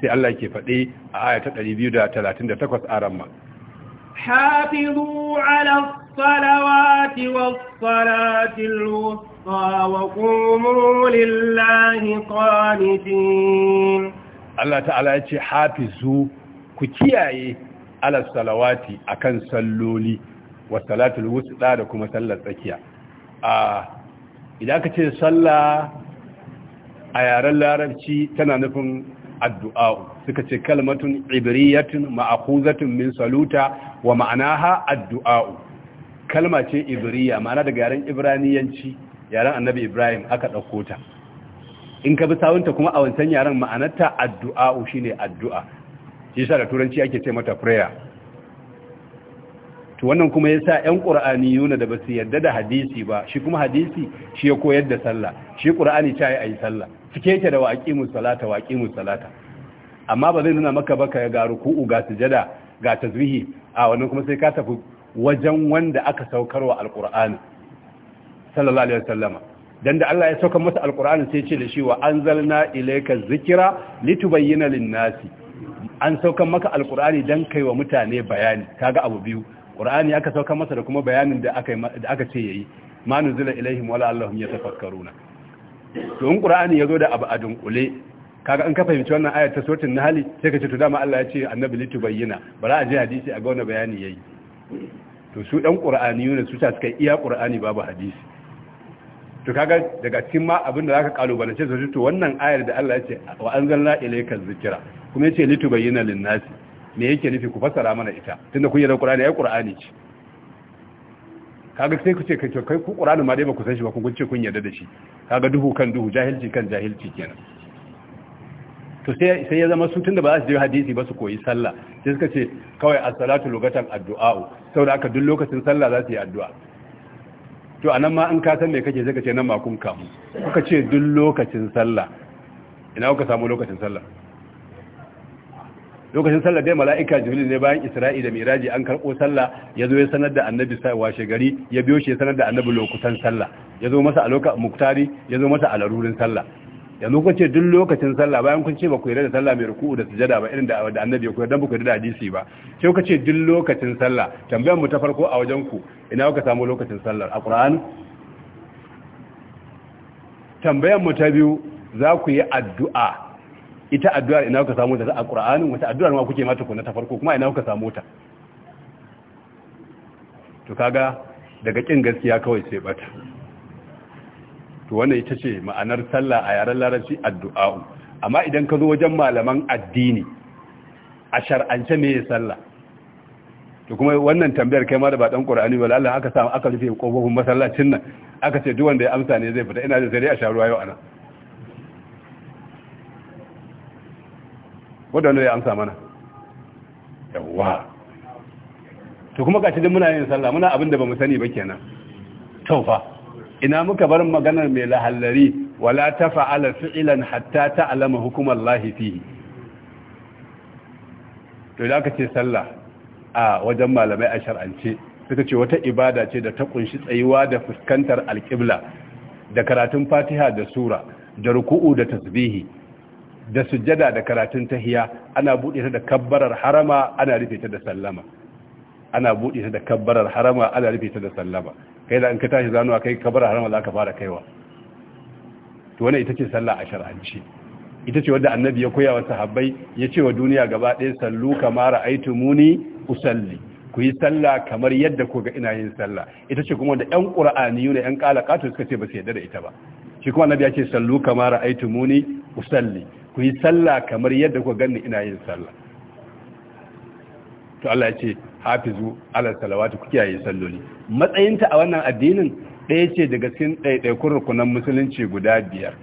sai Allah ke faɗi a aya ta 238 a ramma حافظوا على الصلوات والصلاة الوسطى وقوموا لله قانتين Allah ta'ala ya ce hafizu ku kiyaye ala salawati akan salloli wa salatul da kuma sallar tsakiya a idan ka ce sallah a yaren larabci tana nufin addu'a'u. suka ce kalmatun ibriyatun ma'akuzatun min saluta wa ma'anaha addu'a'u kalma ce ibriya ma'ana daga yaren ibraniyanci yaren annabi ibrahim aka ɗauko ta in ka bi sawunta kuma a wancan yaren ma'anarta addu'a'u shine addu'a shi yasa da turanci ake ce mata prayer to wannan kuma yasa ƴan yuna da basu yarda da hadisi ba shi kuma hadisi shi ya koyar da sallah shi qur'ani ta yi ayi sallah cike yake da wa aqimus salata wa amma ba zai nuna maka ba ka ga ruku'u ga sujada ga tazwihi a wannan kuma sai ka tafi wajen wanda aka saukarwa alqur'ani sallallahu alaihi wasallama dan da Allah ya sauka masa alqur'ani sai ce da shi wa anzalna ilayka dhikra litubayyana lin-nasi an sauka maka alqur'ani dan kai wa mutane bayani kaga abu biyu qur'ani aka sauka masa da kuma bayanin da aka da aka ce yayi ma ilaihim wala allahum yatafakkaruna to in qur'ani yazo da abu a dunkule kaga an ka fahimci wannan ayar ta suratul nahl sai ka ce to dama Allah ya ce annabi litubayyana bara a ji hadisi a ga wannan bayani yayi to su qur'ani ne su ta suka iya qur'ani babu hadisi to kaga daga cikin ma abin da zaka kalubalance su to wannan ayar da Allah ya ce wa anzalna ilayka dhikra kuma yace litubayyana lin-nasi me yake nufi ku fasara mana ita tunda kun yi da ƙura'ani ai qur'ani ce kaga sai ku ce kai to kai ku qur'ani ma dai ba ku san shi ba kun ce kun yarda da shi kaga duhu kan duhu jahilci kan jahilci kenan to sai ya zama su tunda ba za su je hadisi ba su koyi sallah sai suka ce kawai as-salatu lugatan addu'a saboda aka duk lokacin sallah za su yi addu'a to anan ma in ka san me kake sai ka ce nan ma kun kamu kuka ce duk lokacin sallah ina kuka samu lokacin sallah lokacin sallah dai mala'ika jibril ne bayan isra'i da miraji an karbo sallah ya zo ya sanar da annabi washe gari ya biyo shi ya sanar da annabi lokutan sallah ya zo masa a lokacin muktari ya zo masa a larurin sallah yanzu kun ce duk lokacin sallah bayan kun ce ba ku yarda da sallah mai ruku'u da sujada ba irin da annabi ya koyar dan ba ku yarda da hadisi ba sai kuka ce duk lokacin sallah tambayar mu ta farko a wajen ku ina kuka samu lokacin sallar a tambayar mu ta biyu za ku yi addu'a ita addu'ar ina kuka samu ta a Qur'an wata addu'ar ma kuke mata kuna ta farko kuma ina kuka samu ta to kaga daga kin gaskiya kawai sai bata to wannan ita ce ma'anar sallah a yaren larabci addu'a amma idan ka zo wajen malaman addini a shar'ance me ya sallah to kuma wannan tambayar kai ma da ba dan qur'ani ba Allah aka samu aka rufe kofofin masallacin nan aka ce duk wanda ya amsa ne zai fita ina da sai a sharuwa yau ana wanda ya amsa mana yawa to kuma kace din muna yin sallah muna abin da bamu sani ba kenan taufa ina muka bar maganar mai lahallari wala tafa'ala fi'lan hatta alama hukumar fihi to da aka ce sallah a wajen malamai a shar'ance suka ce wata ibada ce da ta kunshi tsayuwa da fuskantar alƙibla da karatun fatiha da sura da ruku'u da tasbihi da sujjada da karatun tahiya ana buɗe ta da kabbarar harama ana rufe ta da sallama ana buɗe ta da kabbarar harama ana rufe ta da sallama kai da in ka tashi zanuwa kai kabar haram za ka fara kaiwa to wannan ita ce sallah a shar'anci ita ce wadda annabi ya koya wa sahabbai ya ce wa duniya gaba ɗaya sallu kamar aitumuni usalli ku yi sallah kamar yadda ku ga ina yin sallah ita ce kuma da ƴan qur'ani ne ƴan qalaqatu suka ce ba su yarda da ita ba shi kuma annabi ya ce sallu kamar aitumuni usalli ku yi sallah kamar yadda ku ga ina yin sallah to Allah ya ce hafizu ala salawati ku kiyaye salloli matsayinta a wannan addinin ɗaya ce daga cikin ɗaiɗaikun rukunan musulunci guda biyar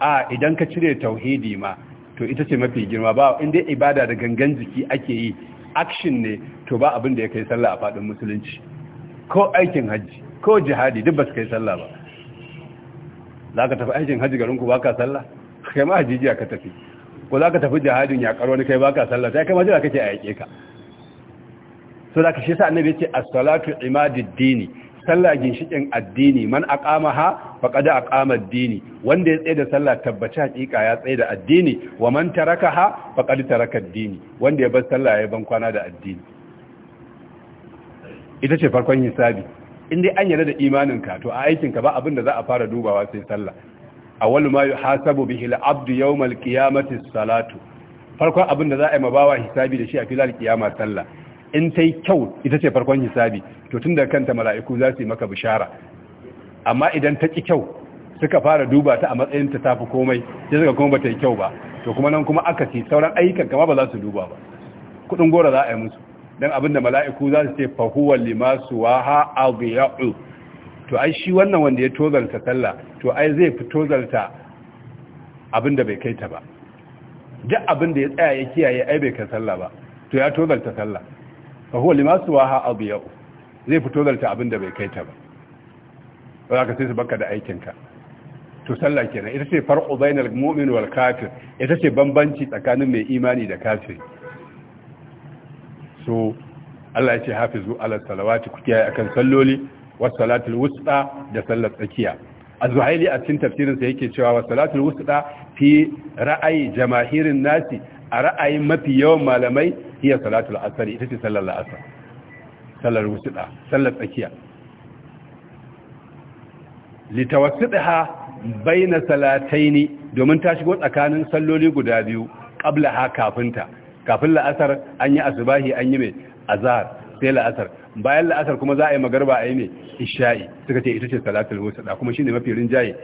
a idan ka cire tauhidi ma to ita ce mafi girma ba inda ibada da gangan jiki ake yi action ne to ba abin da ya kai sallah a faɗin musulunci ko aikin hajji ko jihadi duk ba su kai sallah ba za ka tafi aikin hajji garinku ba ka sallah kai ma hajjijiya ka tafi ko za ka tafi jihadin ya karo ni kai ba ka sallah sai kai ma jira kake a yake ka so da shi sa annabi yace as-salatu imaduddini sallah ginshikin addini man aqamaha faqad aqama ad-dini wanda ya tsaye da sallah tabbaci hakika ya tsaye da addini wa man tarakaha faqad taraka ad-dini wanda ya bar sallah ya ban kwana da addini ita ce farkon hisabi in dai an yarda da imaninka to a aikinka ba abin da za a fara dubawa sai sallah awwal ma yuhasabu bihi al-abdu yawm al-qiyamati as-salatu farkon abin da za a yi mabawa hisabi da shi a filal kiyama sallah in ta yi kyau ita ce farkon hisabi to tun da kanta mala'iku za su yi maka bishara amma idan ta ƙi kyau suka fara duba ta a matsayin ta tafi komai sai suka kuma ba ta yi kyau ba to kuma nan kuma aka ci sauran ayyukan kama ba za su duba ba kudin gora za a yi musu Don abin da mala'iku za su ce fa limasu wa ha adiya'u to ai shi wannan wanda ya tozalta sallah to ai zai fi tozalta abin da bai kai ta ba duk abin da ya tsaya ya kiyaye ai bai kai sallah ba to ya tozalta sallah fa limasu waha adya'u zai fito zarta abin da bai kai ta ba za ka sai su baka da aikinka to sallah kenan ita ce farqu bainal mu'min wal kafir ita ce bambanci tsakanin mai imani da kafiri so Allah ya ce hafizu ala salawati ku kiyaye akan salloli was salatul wusta da sallar tsakiya az-zuhaili a cikin tafsirin sa yake cewa was salatul wusta fi ra'ayi jamahirin nasi a ra'ayin mafi yawan malamai iya salatul asar ita ce sallar la'asar sallar wusuɗa sallar tsakiya litawassidha baina salataini domin ta shigo tsakanin salloli guda biyu ƙabla ha kafinta kafin la'asar an yi asubahi an yi mai azahar sai la'asar bayan la'asar kuma za a yi magarba a yi mai isha'i suka ce ita ce salatul wusuɗa kuma shi ne mafi rinjaye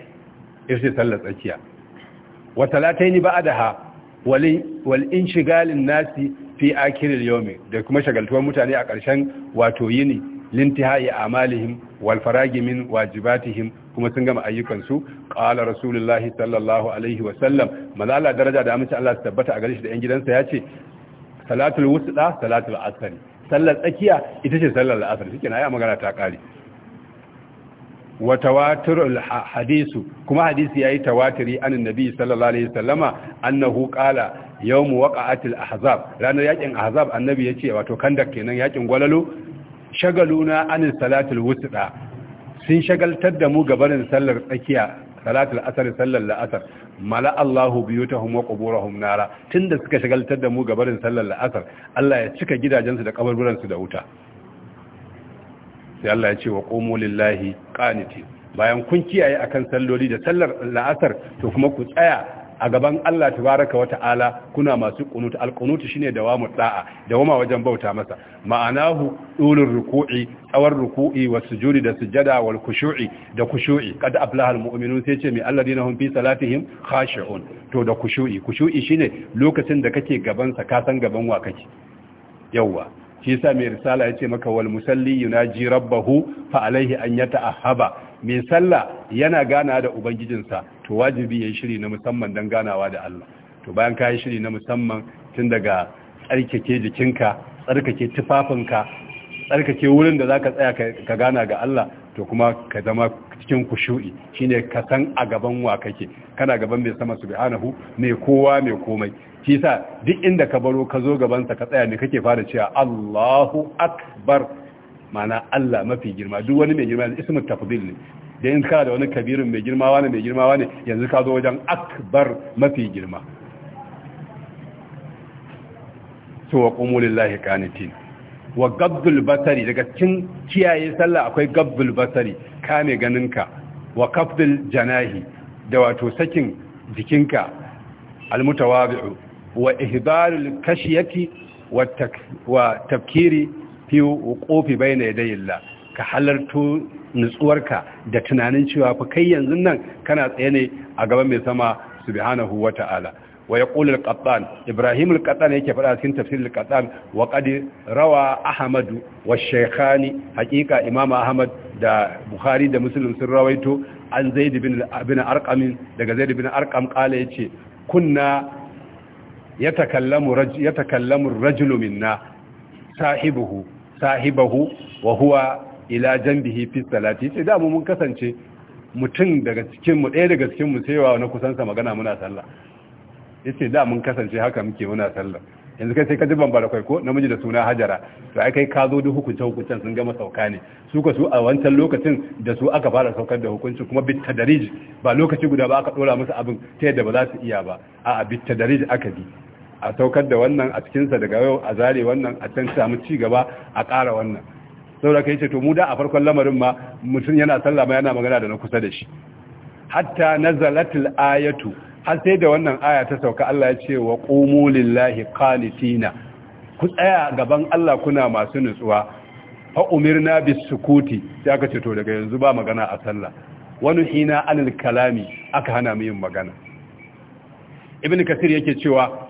ita ce sallar tsakiya wa salataini ha. wal inshigalin nasi fi akiril yawmi da kuma shagaltuwar mutane a ƙarshen wato yini lintihai amalihim wal faragi min wajibatihim kuma sun gama ayyukansu qala rasulullahi sallallahu alaihi wa sallam malala daraja da amince Allah tabbata a gare shi da yan gidansa ya ce salatul wusta salatul asr sallar tsakiya ita ce sallar al'asar shi kenan ai magana ta kare wa tawatirul hadisu kuma hadisi yayi tawatiri anan nabi sallallahu alaihi wasallama annahu qala yawm waqa'atil ahzab ranar yakin ahzab annabi ya ce wato kandak kenan yakin gwalalo shagaluna anin salatul wusta sun shagaltar da mu gabanin sallar tsakiya salatul asr sallar la'asar mala Allahu biyutahum wa quburahum nara tunda suka shagaltar da mu gabanin sallar la'asar Allah ya cika gidajensu da kaburburansu da wuta sai Allah ya ce wa qumu lillahi bayan kun kiyaye akan salloli da sallar la'asar to kuma ku tsaya a gaban Allah Ta baraka wata ala kuna masu alƙunuta shine qunut shine dawamu da dawama wajen bauta masa ma'anahu dulur ruku'i tsawon ruku'i was sujudi da sujada wal khushu'i da khushu'i kad aflahal mu'minun sai ce mai alladina hum fi salatihim khashi'un to da khushu'i khushu'i shine lokacin da kake gabansa kasan ka san gaban wa kake yawa shi yasa mai risala ya ce maka wal musalli yunaji rabbahu fa alaihi an yata'ahaba mai sallah yana gana da ubangijinsa to wajibi yayin shiri na musamman dan ganawa da Allah to bayan ka yi shiri na musamman tun daga tsarkake jikinka tsarkake tufafinka tsarkake wurin da zaka tsaya ka gana ga Allah to kuma ka zama cikin kushu'i shine ka san a gaban wa kake kana gaban mai sama subhanahu mai kowa mai komai shi duk inda ka baro ka zo gabansa ka tsaya ne kake fara cewa Allahu akbar mana Allah mafi girma duk wani mai girma ismu tafdil ne da in kana da wani kabirin mai girma wani mai girma wani yanzu ka zo wajen akbar mafi girma to wa qumu lillahi qanitin wa gabdul basari daga cikin kiyaye sallah akwai gabdul basari kame ganinka wa kafdul janahi da wato sakin jikinka mutawabi'u wa ihbalul kashiyati wa tafkiri fi wuqufi bayna yadayillah ka halartu nutsuwarka da tunanin cewa fa kai yanzu nan kana tsaye ne a gaban mai sama subhanahu ta'ala wa Yaqul al-qattan ibrahim al-qattan yake fada cikin tafsir al wa qad rawa ahmad wa shaykhani haqiqa imam ahmad da bukhari da muslim sun rawaito an zaid bin bin arqam daga zaid bin arqam kala yace kunna ya takallamu rajulu minna sahibuhu sahibahu wa huwa ila janbihi fi salati sai da mu mun kasance mutum daga cikin mu ɗaya daga cikin mu sai na kusansa magana muna sallah yace da mun kasance haka muke muna sallah yanzu kai sai ka ji bambara kai ko namiji da suna hajara to ai kai ka zo da hukunci hukuncin sun gama sauka ne su ka su a wancan lokacin da su aka fara saukar da hukunci kuma bit tadarij ba lokaci guda ba aka dora musu abin ta yadda ba za su iya ba a bit tadarij aka bi a saukar da wannan a cikinsa daga yau a zare wannan a can samu ci gaba a ƙara wannan saboda kai ce to mu da a farkon lamarin ma mutum yana sallama yana magana da na kusa da shi hatta nazalatul ayatu har sai da wannan aya ta sauka Allah ya ce wa qumu lillahi qanitina ku tsaya gaban Allah kuna masu nutsuwa fa umirna bis sukuti sai aka ce to daga yanzu ba magana a sallah wani hina anil kalami aka hana mu yin magana ibn kasir yake cewa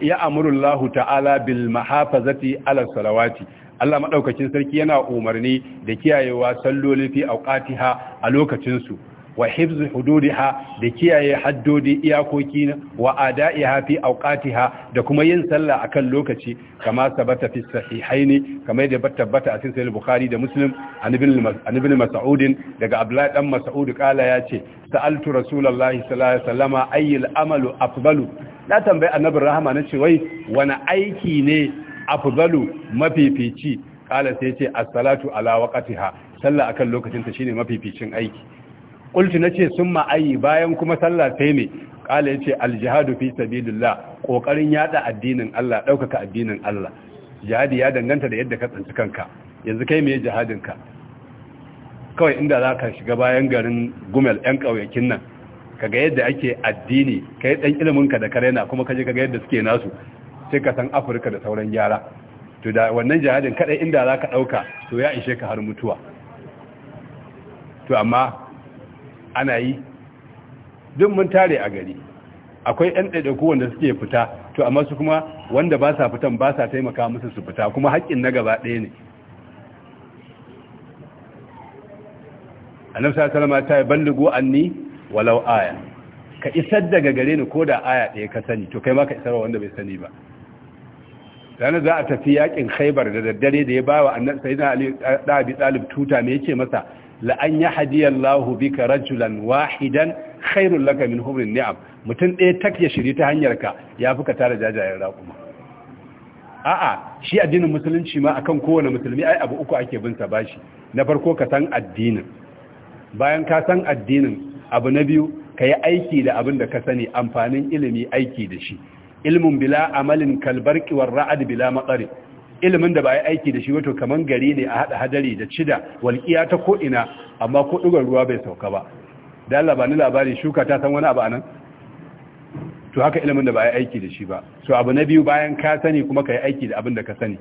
ya amurullahu ta'ala bil mahafazati ala salawati Allah madaukakin sarki yana umarni da kiyayewa salloli fi awqatiha a lokacin su wa hifz hududiha da kiyaye haddodi iyakoki wa ada'iha fi awqatiha da kuma yin sallah akan lokaci kama sabata fi sahihaini kama da tabbata a cikin sahih bukhari da muslim an ibn mas'ud daga abdullahi dan mas'ud kala yace sa'altu rasulullahi sallallahu alaihi wasallama ayyul amalu afdalu na tambayi annabi rahama nace wai wani aiki ne afdalu mafifici kala sai ce as-salatu ala waqtiha sallah akan lokacin ta shine mafificin aiki qultu nace summa ayi bayan kuma sallah sai me kala yace aljihadu fi sabilillah kokarin yada addinin Allah daukaka addinin Allah jihadi ya danganta da yadda ka tsanci kanka yanzu kai me jihadin ka kawai inda zaka shiga bayan garin gumel yan kauyakin nan kaga yadda ake addini kai dan ilimin ka da karena kuma kaje kaga yadda suke nasu sai ka san Afirka da sauran yara to da wannan jihadin kadai inda zaka ɗauka to ya ishe ka har mutuwa to amma ana yi duk mun tare a gari akwai ɗan ɗaiɗaiku wanda suke fita to amma su kuma wanda ba sa fitan ba sa taimaka musu su fita kuma haƙƙin na gaba ɗaya ne annabi sallallahu alaihi ta an anni walau aya ka isar daga gare ni ko da aya ɗaya ka sani to kai ma ka isar wanda bai sani ba ranar za a tafi yakin khaibar da daddare da ya ba wa annabta sayyidina ali da abi tuta me yace masa la an bi ka rajulan wahidan khairul laka min humrin ni'am mutum ɗaya tak ya shiri ta hanyar ka yafi ka tara jajayen raƙuma a'a shi addinin musulunci ma akan kowane musulmi ai abu uku ake bin sa bashi na farko ka san addinin bayan ka san addinin abu na biyu ka yi aiki da abin da ka sani amfanin ilimi aiki da shi ilmin bila amalin kalbarki war ra'ad bila matsari ilimin da ba ya aiki da shi wato kaman gari ne a hada hadari da cida walƙiya ta ko ina amma ko ɗugar ruwa bai sauka ba da labarin ba ni labari shuka ta san wani abu anan to haka ilimin da ba ya aiki da shi ba so abu na biyu bayan ka sani kuma ka yi aiki da abin da ka sani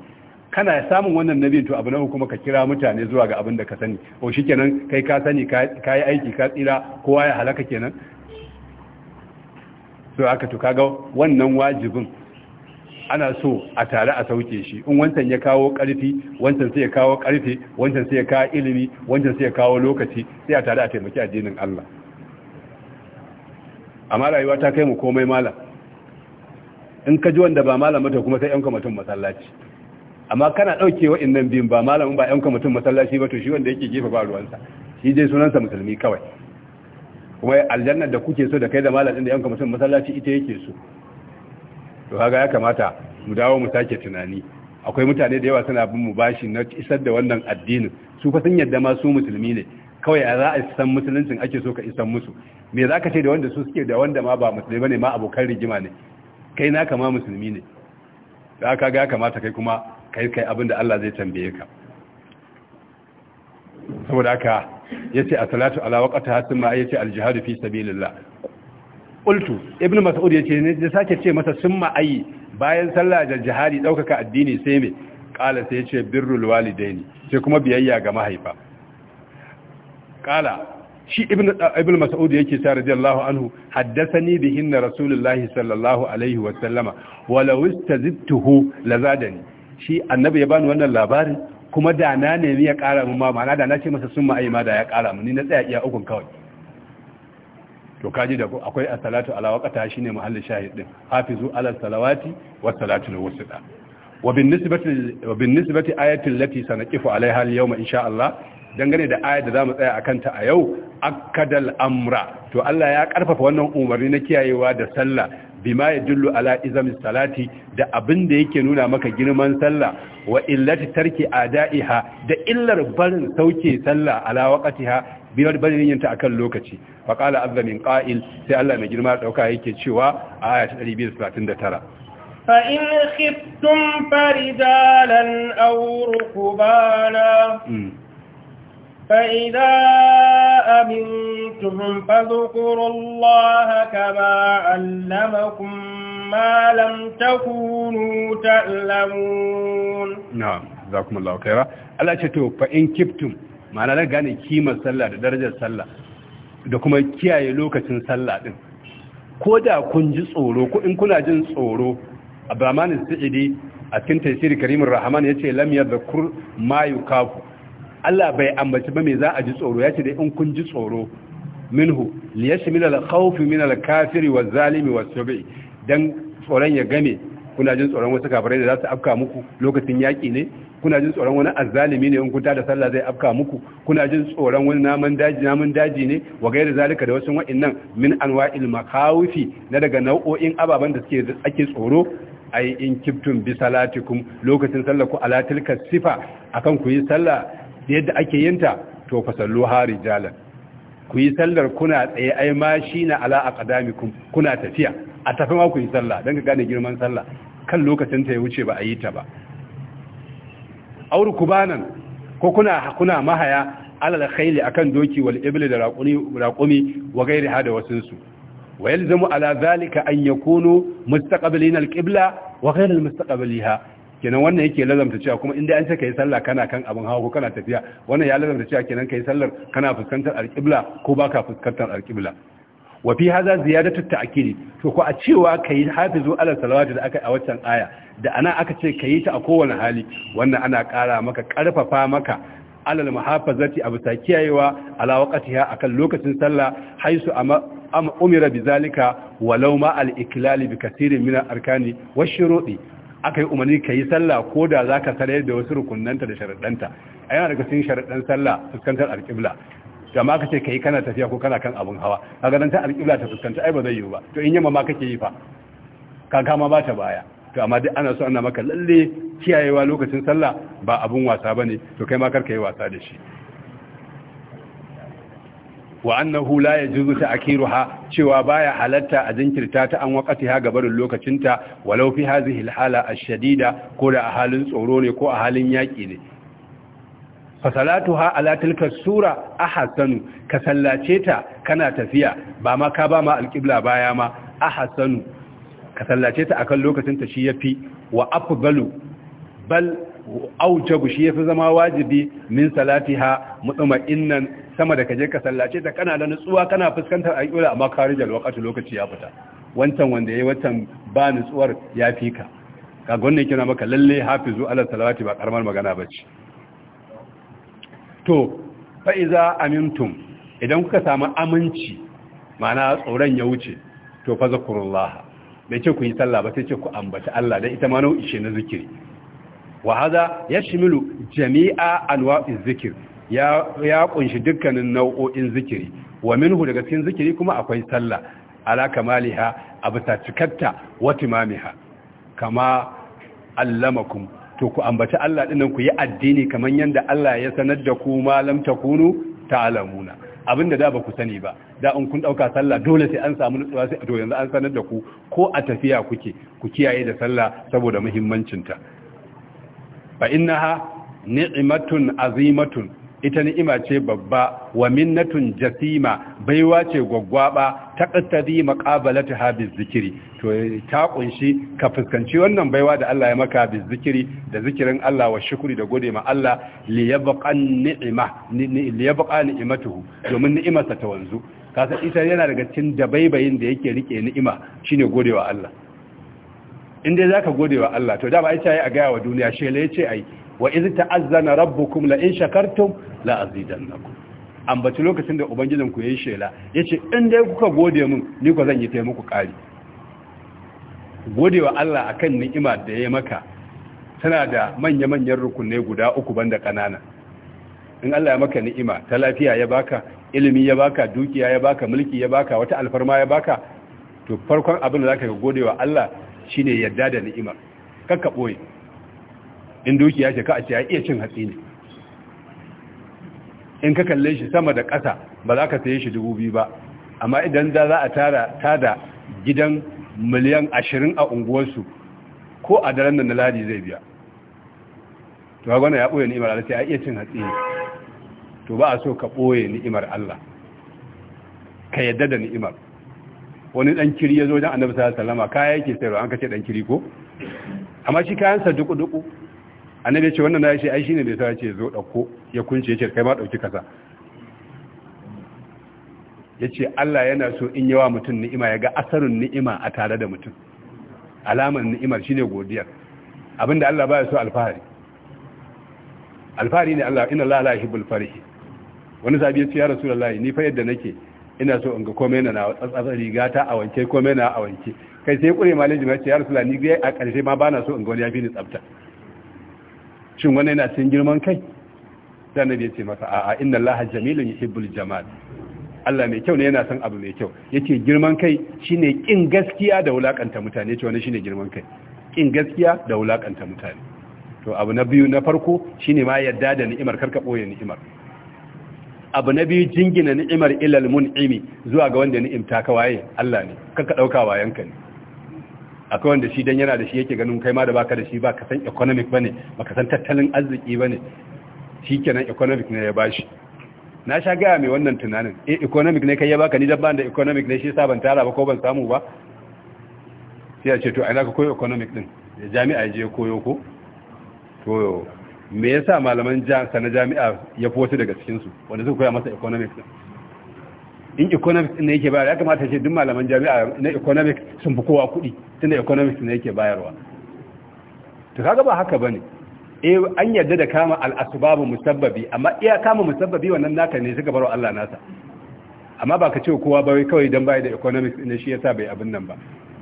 kana samun wannan nabi to abu na kuma ka kira mutane zuwa ga abin da ka sani o shikenan kai ka sani ka yi aiki ka tsira kowa ya halaka kenan so haka to kaga wannan wajibin ana so a tare a sauke shi in wancan ya kawo karfi wancan sai ya kawo karfe wancan sai ya kawo ilimi wancan sai ya kawo lokaci sai a tare a taimaki addinin Allah amma rayuwa ta kai mu komai malam in ka ji wanda ba malam mata kuma sai yanka mutum masallaci amma kana dauke innan biyun ba malamin ba yanka mutum masallaci ba to shi wanda yake gefe ba ruwansa shi dai sunansa musulmi kawai kuma aljannar da kuke so da kai da malamin da yanka mutum masallaci ita yake so to kaga ya kamata mu dawo mu sake tunani akwai mutane da yawa suna bin mu bashi na isar da wannan addinin su fa sun yadda ma su musulmi ne kawai a za a san musuluncin ake so ka isan musu me za ka ce da wanda su suke da wanda ma ba musulmi bane ma abokan rigima ne kai naka ma musulmi ne da ka ga kamata kai kuma kai kai abin da Allah zai tambaye ka saboda haka yace as-salatu ala waqtiha thumma yace al-jihadu fi sabilillah qultu ibnu mas'ud yace ne da sake ce masa summa ayi bayan sallah da jihadi daukaka addini sai me Ƙala sai yace birrul walidaini sai kuma biyayya ga mahaifa Ƙala shi ibnu ibnu mas'ud yake sa radiyallahu anhu haddathani bihin rasulullahi sallallahu alaihi wa sallama walau istazidtuhu lazadani shi annabi ya bani wannan labarin kuma da na nemi ya kara mu ma ma'ana da na ce masa summa ayi ma da ya kara mu ni na tsaya iya ukun kawai to kaji da akwai as-salatu ala waqta shine muhallin shahid din hafizu ala salawati was salatu al-wusta wa bin nisbati wa bin nisbati ayati allati sanaqifu alaiha al-yawma insha Allah dangane da ayat da zamu tsaya akan ta a yau akadal amra to Allah ya karfafa wannan umarni na kiyayewa da sallah bima yadullu ala izami salati da abin da yake nuna maka girman sallah wa illati tarki adaiha da illar barin sauke sallah ala waqtiha biyar barin yin ta akan lokaci fa qala azza min qa'il sai Allah mai girma dauka yake cewa a aya ta 239 fa in khiftum farijalan aw rukbana فإذا أمنتم فاذكروا الله كما علمكم ما لم تكونوا تعلمون نعم جزاكم الله خيرا ألا تتوب فإن Kiptum. ma'ana na gane kimar sallah da darajar sallah da kuma kiyaye lokacin sallah din ko da kun ji tsoro ko in kuna jin tsoro abraman sa'idi a cikin tafsir karimin rahman yace lam yadhkur ma yukafu Allah bai ambaci ba me za a ji tsoro yace dai in kun ji tsoro minhu liyashmil al-khawf min al-kafiri waz-zalimi was-sabi dan tsoron ya game kuna jin tsoron wasu kafirai da za su afka muku lokacin yaki ne kuna jin tsoron wani azzalimi ne in kun tada sallah zai afka muku kuna jin tsoron wani namun daji namun daji ne wa gaira zalika da wasu wa'annan min anwa'il makawifi na daga nau'o'in ababen da suke ake tsoro ai in kibtum bi salatikum lokacin sallah ku ala tilka sifa akan ku yi sallah da yadda ake yinta to fa sallu harijalan ku yi sallar kuna tsaye ai ma shine ala aqdamikum kuna tafiya a tafi ma ku yi sallah dan ka gane girman sallah kan lokacin ta ya wuce ba a yi ta ba auru kubanan ko kuna mahaya alal khayli akan doki wal ibli da raqumi wa gairi hada wasinsu wa yalzamu ala zalika an yakunu mustaqbilin al qibla wa ghayr al mustaqbiliha kenan wannan yake lazamta cewa kuma inda an ce kai sallah kana kan abin hawa ko kana tafiya wannan ya lazamta cewa kenan kai sallar kana fuskantar al qibla ko baka fuskantar al qibla wa fi hadha ziyadatu ta'kid to ko a cewa kai hafizu ala salawati da aka a waccan aya da ana aka ce ka yi ta a kowane hali wannan ana kara maka karfafa maka alal muhafazati abu ta kiyayewa ala waqtiha akan lokacin sallah haisu am umira bizalika walau ma al iklal bi kathirin min al arkani wash shurudi akai umarni kayi sallah ko da zaka sanar da wasu rukunnanta da sharadanta yana daga cikin sharadan sallah fuskantar al qibla da ma kace kai kana tafiya ko kana kan abun hawa kaga dan ta al qibla ta fuskanta ai ba zai yiwu ba to in yamma ma kake yi fa kaga ma ba ta baya to amma duk ana so ana maka lalle kiyayewa lokacin sallah ba abun wasa bane to kai ma karka yi wasa da shi wa annahu la yajuzu ta'khiruha cewa baya halatta a jinkirta ta an waqatiha gabarin lokacinta walau fi hadhihi alhala a shadida ko da a halin tsoro ne ko a halin yaki ne fa salatuha ala tilka sura ahsanu ka sallace ta kana tafiya ba ma ka ba ma alqibla baya ma ahsanu ka sallace ta akan lokacin ta shi yafi wa afdalu bal aujabu shi yafi zama wajibi min salatiha innan sama da kaje ka sallace ta kana da nutsuwa kana fuskantar ayyula amma karijal waqti lokaci ya fita wancan wanda yayi wancan ba nutsuwar ya fi ka ga wannan kina maka lalle hafizu ala salawati ba karamar magana ba ce. to fa iza amintum idan kuka samu aminci ma'ana tsoron ya wuce to fa zakurullaha bai ce ku yi sallah ba sai ce ku ambaci Allah dan ita ma nau'i ce na zikiri wa hada yashmilu jami'a anwa'iz zikir ya ya kunshi dukkanin nau'o'in zikiri wa minhu daga cikin zikiri kuma akwai sallah ala kamaliha abata cikatta wa timamiha kama allamakum to ku ambaci Allah dinnan ku yi addini kaman yanda Allah ya sanar da ku malam takunu ta'lamuna abinda da ba ku sani ba da in kun dauka sallah dole sai an samu nutsuwa sai to yanzu an sanar da ku ko a tafiya kuke ku kiyaye da sallah saboda muhimmancin ta fa innaha ni'matun azimatun ita ni'ima ce babba wa minnatun jasima baiwa ce gwaggwaba ta qattadi maqabalata ha zikiri to ta kunshi ka fuskanci wannan baiwa da Allah ya maka bi zikiri da zikirin Allah wa shukuri da gode ma Allah li yabqa ni'ima li ni'imatuhu domin ni'imarsa ta wanzu kasa ita yana daga cikin dabaibayin da yake rike ni'ima shine godewa Allah in dai zaka godewa Allah to da ba ai a gaya wa duniya shela yace ai wa iz ta'azzana rabbukum la in shakartum la azidannakum ambaci lokacin da ubangijin ku yayi shela yace in dai kuka gode min ni ko zan yi taimaku muku kari godewa Allah akan ni'ima da ya maka tana da manya-manyan rukunai guda uku banda kanana in Allah ya maka ni'ima ta lafiya ya baka ilimi ya baka dukiya ya baka mulki ya baka wata alfarma ya baka to farkon abin da zaka godewa Allah shine yadda da ni'ima kakka boye in dukiya ya ka a ce ya iya cin hatsi ne in ka kalle shi sama da ƙasa ba za ka saye shi dubu biyu ba amma idan za, za a tara tada gidan miliyan ashirin a unguwarsu ko a daren da na ladi zai biya to ba gwana ya ɓoye ni'imar Allah sai ya iya cin hatsi ne to ba a so ka ɓoye ni'imar Allah ka yadda da ni'imar wani ɗan kiri ya zo wajen annabi sallallahu alaihi wasallam kaya yake sayarwa an kace ɗan kiri ko amma shi kayan sa duku duku annabi ya ce wannan na ce ai shine da ya ce zo dauko ya kunce ya ce kai ma dauki kasa ya ce Allah yana so in yawa mutum ni'ima ya ga asarin ni'ima a tare da mutum alamar ni'imar shine godiyar abinda Allah baya so alfahari alfahari ne Allah inna Allah la yuhibbul farih wani sabi ya ce ya rasulullahi ni fa yadda nake ina so in ga komai na na tsatsar riga ta a wanke komai na a wanke kai sai kure malaji ma ce ya rasulullahi ni a ƙarshe ma bana so in ga wani ya fi ni tsafta shin wani yana cin girman kai sai annabi ce masa a'a inna allaha jamilun yuhibbul jamal Allah mai kyau ne yana son abu mai kyau yace girman kai shine kin gaskiya da wulakanta mutane yace wani shine girman kai kin gaskiya da wulakanta mutane to abu na biyu na farko shine ma yadda da ni'imar karka boye ni'imar abu na biyu jingina ni'imar ilal mun'imi zuwa ga wanda ni'imta ka waye Allah ne karka dauka wayanka ne akwai wanda shi dan yana da shi yake ganin kai ma da baka da shi ba ka san economic bane ba ka san tattalin arziki bane shikenan economic ne ya bashi na sha gaya mai wannan tunanin eh economic ne kai ya baka ni ban da economic ne shi yasa ban tara ba ko ban samu ba sai ya ce to ina ka koyo economic din jami'a ya je koyo ko to me yasa malaman jami'a sana jami'a ya fi wasu daga cikin su wanda suka koya masa economic din in economics ne yake bayarwa ya kamata ce duk malaman jami'a na economics sun fi kowa kuɗi tunda economics ne yake bayarwa to kaga ba haka bane eh an yarda da kama al asbab musabbabi amma iya kama musabbabi wannan naka ne suka baro Allah nasa amma ba ka ce kowa ba wai kawai dan bai da economics ne shi yasa bai abin nan ba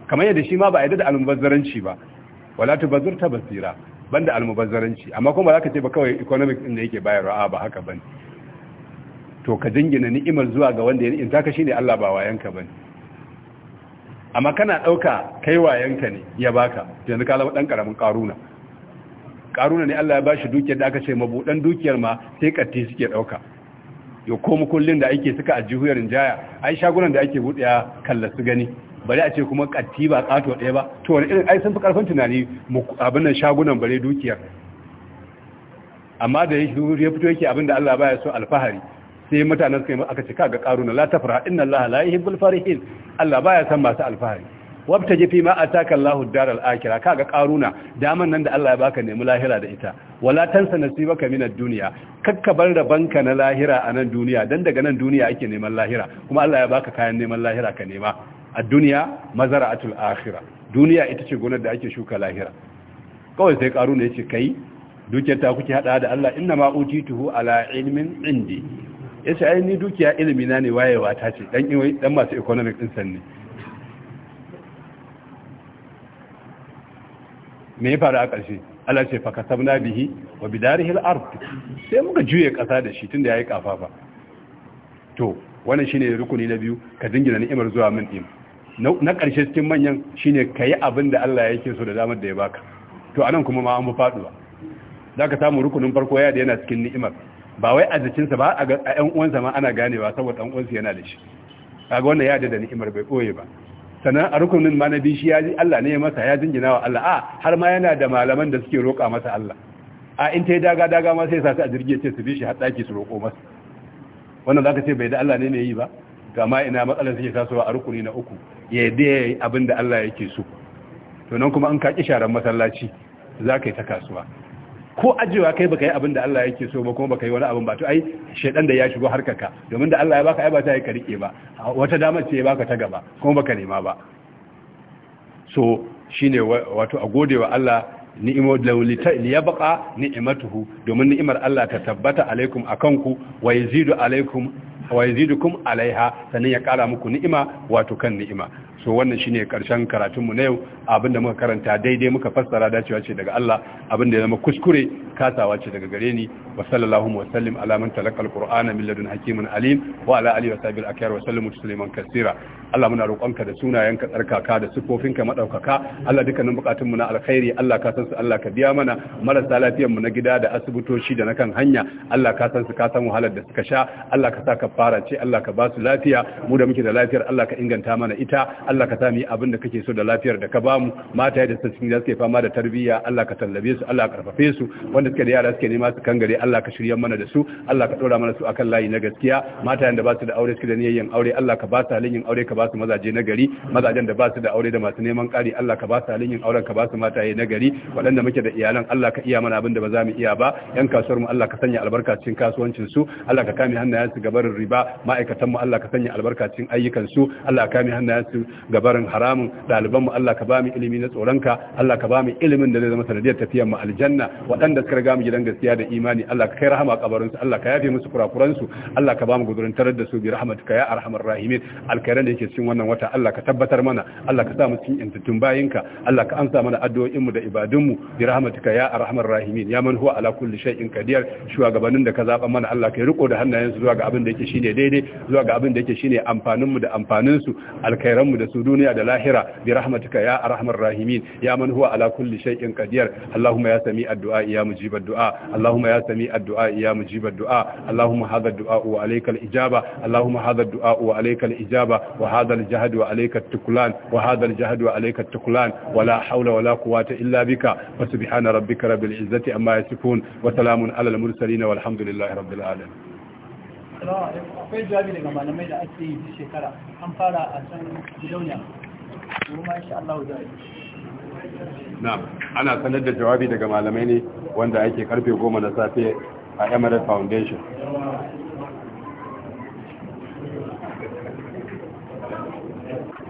kamar yadda shi ma ba yarda da almubazzaranci ba wala tubazzir ta basira banda almubazzaranci amma kuma ba za ka ce ba kawai economics ne yake bayarwa ba haka bane to ka jingina ni'imar zuwa ga wanda ya ni'imta ka shine Allah ba wayanka bane amma kana dauka kai wayanka ne ya baka yanzu ka zama dan karamin karuna karuna ne Allah ya bashi dukiyar da aka ce mabuɗan dukiyar ma sai katti suke dauka yo komu kullun da ake suka jihuyar jaya ai shagunan da ake buɗe kalla su gani bari a ce kuma katti ba kato ɗaya ba to wani irin ai sun fi karfin tunani abin nan shagunan bare dukiyar amma da ya fito yake abin da Allah baya so alfahari sai mutanen suka yi aka ce kaga karuna la tafra inna allaha la yuhibbul farihin Allah baya san masu alfahari wabta jifi ma ataka Allahu daral akhirah kaga karuna daman nan da Allah ya baka nemi lahira da ita wala tansa nasibaka ad dunya kakka bar banka na lahira a nan duniya dan daga nan duniya ake neman lahira kuma Allah ya baka kayan neman lahira ka nema a duniya mazara'atul akhirah duniya ita ce gonar da ake shuka lahira kawai sai karuna yace kai duke ta kuke hada da Allah inna ma utituhu ala ilmin indi ya ce ai ni dukiya ilimi na ne wayewa ta ce dan masu economic din sanni. me ya faru a ƙarshe Allah ce faka sabna bihi wa bidarihi al-ard sai muka juye ƙasa da shi tunda yayi kafafa to wannan shine rukuni na biyu ka dingina ni'imar zuwa min din na ƙarshe cikin manyan shine kayi abin da Allah yake so da damar da ya baka to anan kuma ma an mu faduwa zaka samu rukunin farko ya da yana cikin ni'imar ba wai a jikinsa ba a 'yan uwansa ma ana gane ba saboda ɗan uwansa yana da shi kaga wannan ya da ni'imar bai ɓoye ba sannan a rukunin ma na bi shi ya ji Allah ne ya masa ya jingina wa Allah a har ma yana da malaman da suke roƙa masa Allah a in ta yi daga daga ma sai sa a jirgin ce su bi shi har ɗaki su roƙo masa wannan za ka ce bai da Allah ne ne yi ba gama ina matsalar suke tasowa a rukuni na uku ya yi da abin da Allah yake so to nan kuma an kaƙi sharan masallaci za ka yi ta kasuwa ko ajewa kai baka yi abin da Allah yake so ba kuma baka yi wani abin ba to ai shedan da ya shigo harkarka domin da Allah ya baka ai ba ta yi ka rike ba wata dama ce ya baka ta gaba kuma baka nema ba so shine wato a godewa Allah ni'imo laulita yabqa ni'matuhu domin ni'imar Allah ta tabbata alaikum akanku wa yazidu alaikum wa yazidukum alaiha sannan ya kara muku ni'ima wato kan ni'ima so wannan shine karshen karatunmu na yau abinda muka karanta daidai muka fassara dacewa ce daga Allah abinda ya zama kuskure kasawa ce daga gare ni wa sallallahu wa sallim ala man talaqa alqur'ana min ladun hakimin alim wa ala alihi wa sahbihi akyar wa sallimu tasliman kaseera Allah muna roƙonka da sunayenka tsarkaka da sifofinka madaukaka Allah dukkanin bukatunmu na alkhairi Allah ka san su Allah ka biya mana marasa lafiyar mu na gida da asibitoci da na kan hanya Allah ka san su ka san wahalar da suka sha Allah ka sa ka fara ce Allah ka ba su lafiya mu da muke da lafiyar Allah ka inganta mana ita Allah ka sami abin da kake so da lafiyar da ka bamu mata da sassin da suke fama da tarbiyya Allah ka tallabe su Allah ka karfafe su wanda suke da yara suke nema su kangare Allah ka shirya mana da su Allah ka dora mana su akan layi na gaskiya mata da ba su da aure suke da niyyar aure Allah ka ba su halin yin aure ka ba su mazaje na gari mazajen da ba su da aure da masu neman ƙari Allah ka ba su halin yin auren ka ba su mataye na gari waɗanda muke da iyalan Allah ka iya mana abin da ba za mu iya ba yan kasuwar mu Allah ka sanya albarka cikin kasuwancin su Allah ka kame hannayen su gabarin riba ma'aikatan mu Allah ka sanya albarka cikin ayyukan su Allah ka kame hannayen su gabarin haramun ɗalibanmu Allah ka ba mu ilimi na tsoronka Allah ka ba mu ilimin da zai zama sanadiyar tafiyar mu aljanna waɗanda suka riga mu gidan gaskiya da imani Allah ka kai rahama kabarin su Allah ka yafe musu kurakuran su Allah ka ba mu gudurin tarar da su bi rahmatuka ya arhamar rahimin alkhairan da yake cikin wannan wata Allah ka tabbatar mana Allah ka sa mu cikin intattun bayinka Allah ka amsa mana addu'o'in mu da ibadun mu bi rahmatuka ya arhamar rahimin ya man huwa ala kulli shay'in qadir shugabannin da ka zaba mana Allah ka riko da hannayensu zuwa ga abin da yake shine daidai zuwa ga abin da yake shine amfanin mu da amfanin su mu da da su duniya da lahira bi rahmatika ya arhamar rahimin ya man huwa ala kulli shay'in qadir allahumma ya sami addu'a ya mujib addu'a allahumma ya sami addu'a ya mujib du'a allahumma hadha du'a wa alayka al-ijaba allahumma hadha du'a wa alayka al-ijaba wa hadha al-jahd wa alayka at-tuklan wa hadha al-jahd wa alayka at-tuklan wa la hawla wa la quwwata illa bika wa subhana rabbika rabbil izzati amma yasifun wa salamun ala al-mursalin wa لله رب العالمين akwai jawabi daga malamai da ake yi shekara an fara a can gidauniya kuma Allah na'am ana sanar da jawabi daga malamai ne wanda ake karfe goma na safe a Emirate Foundation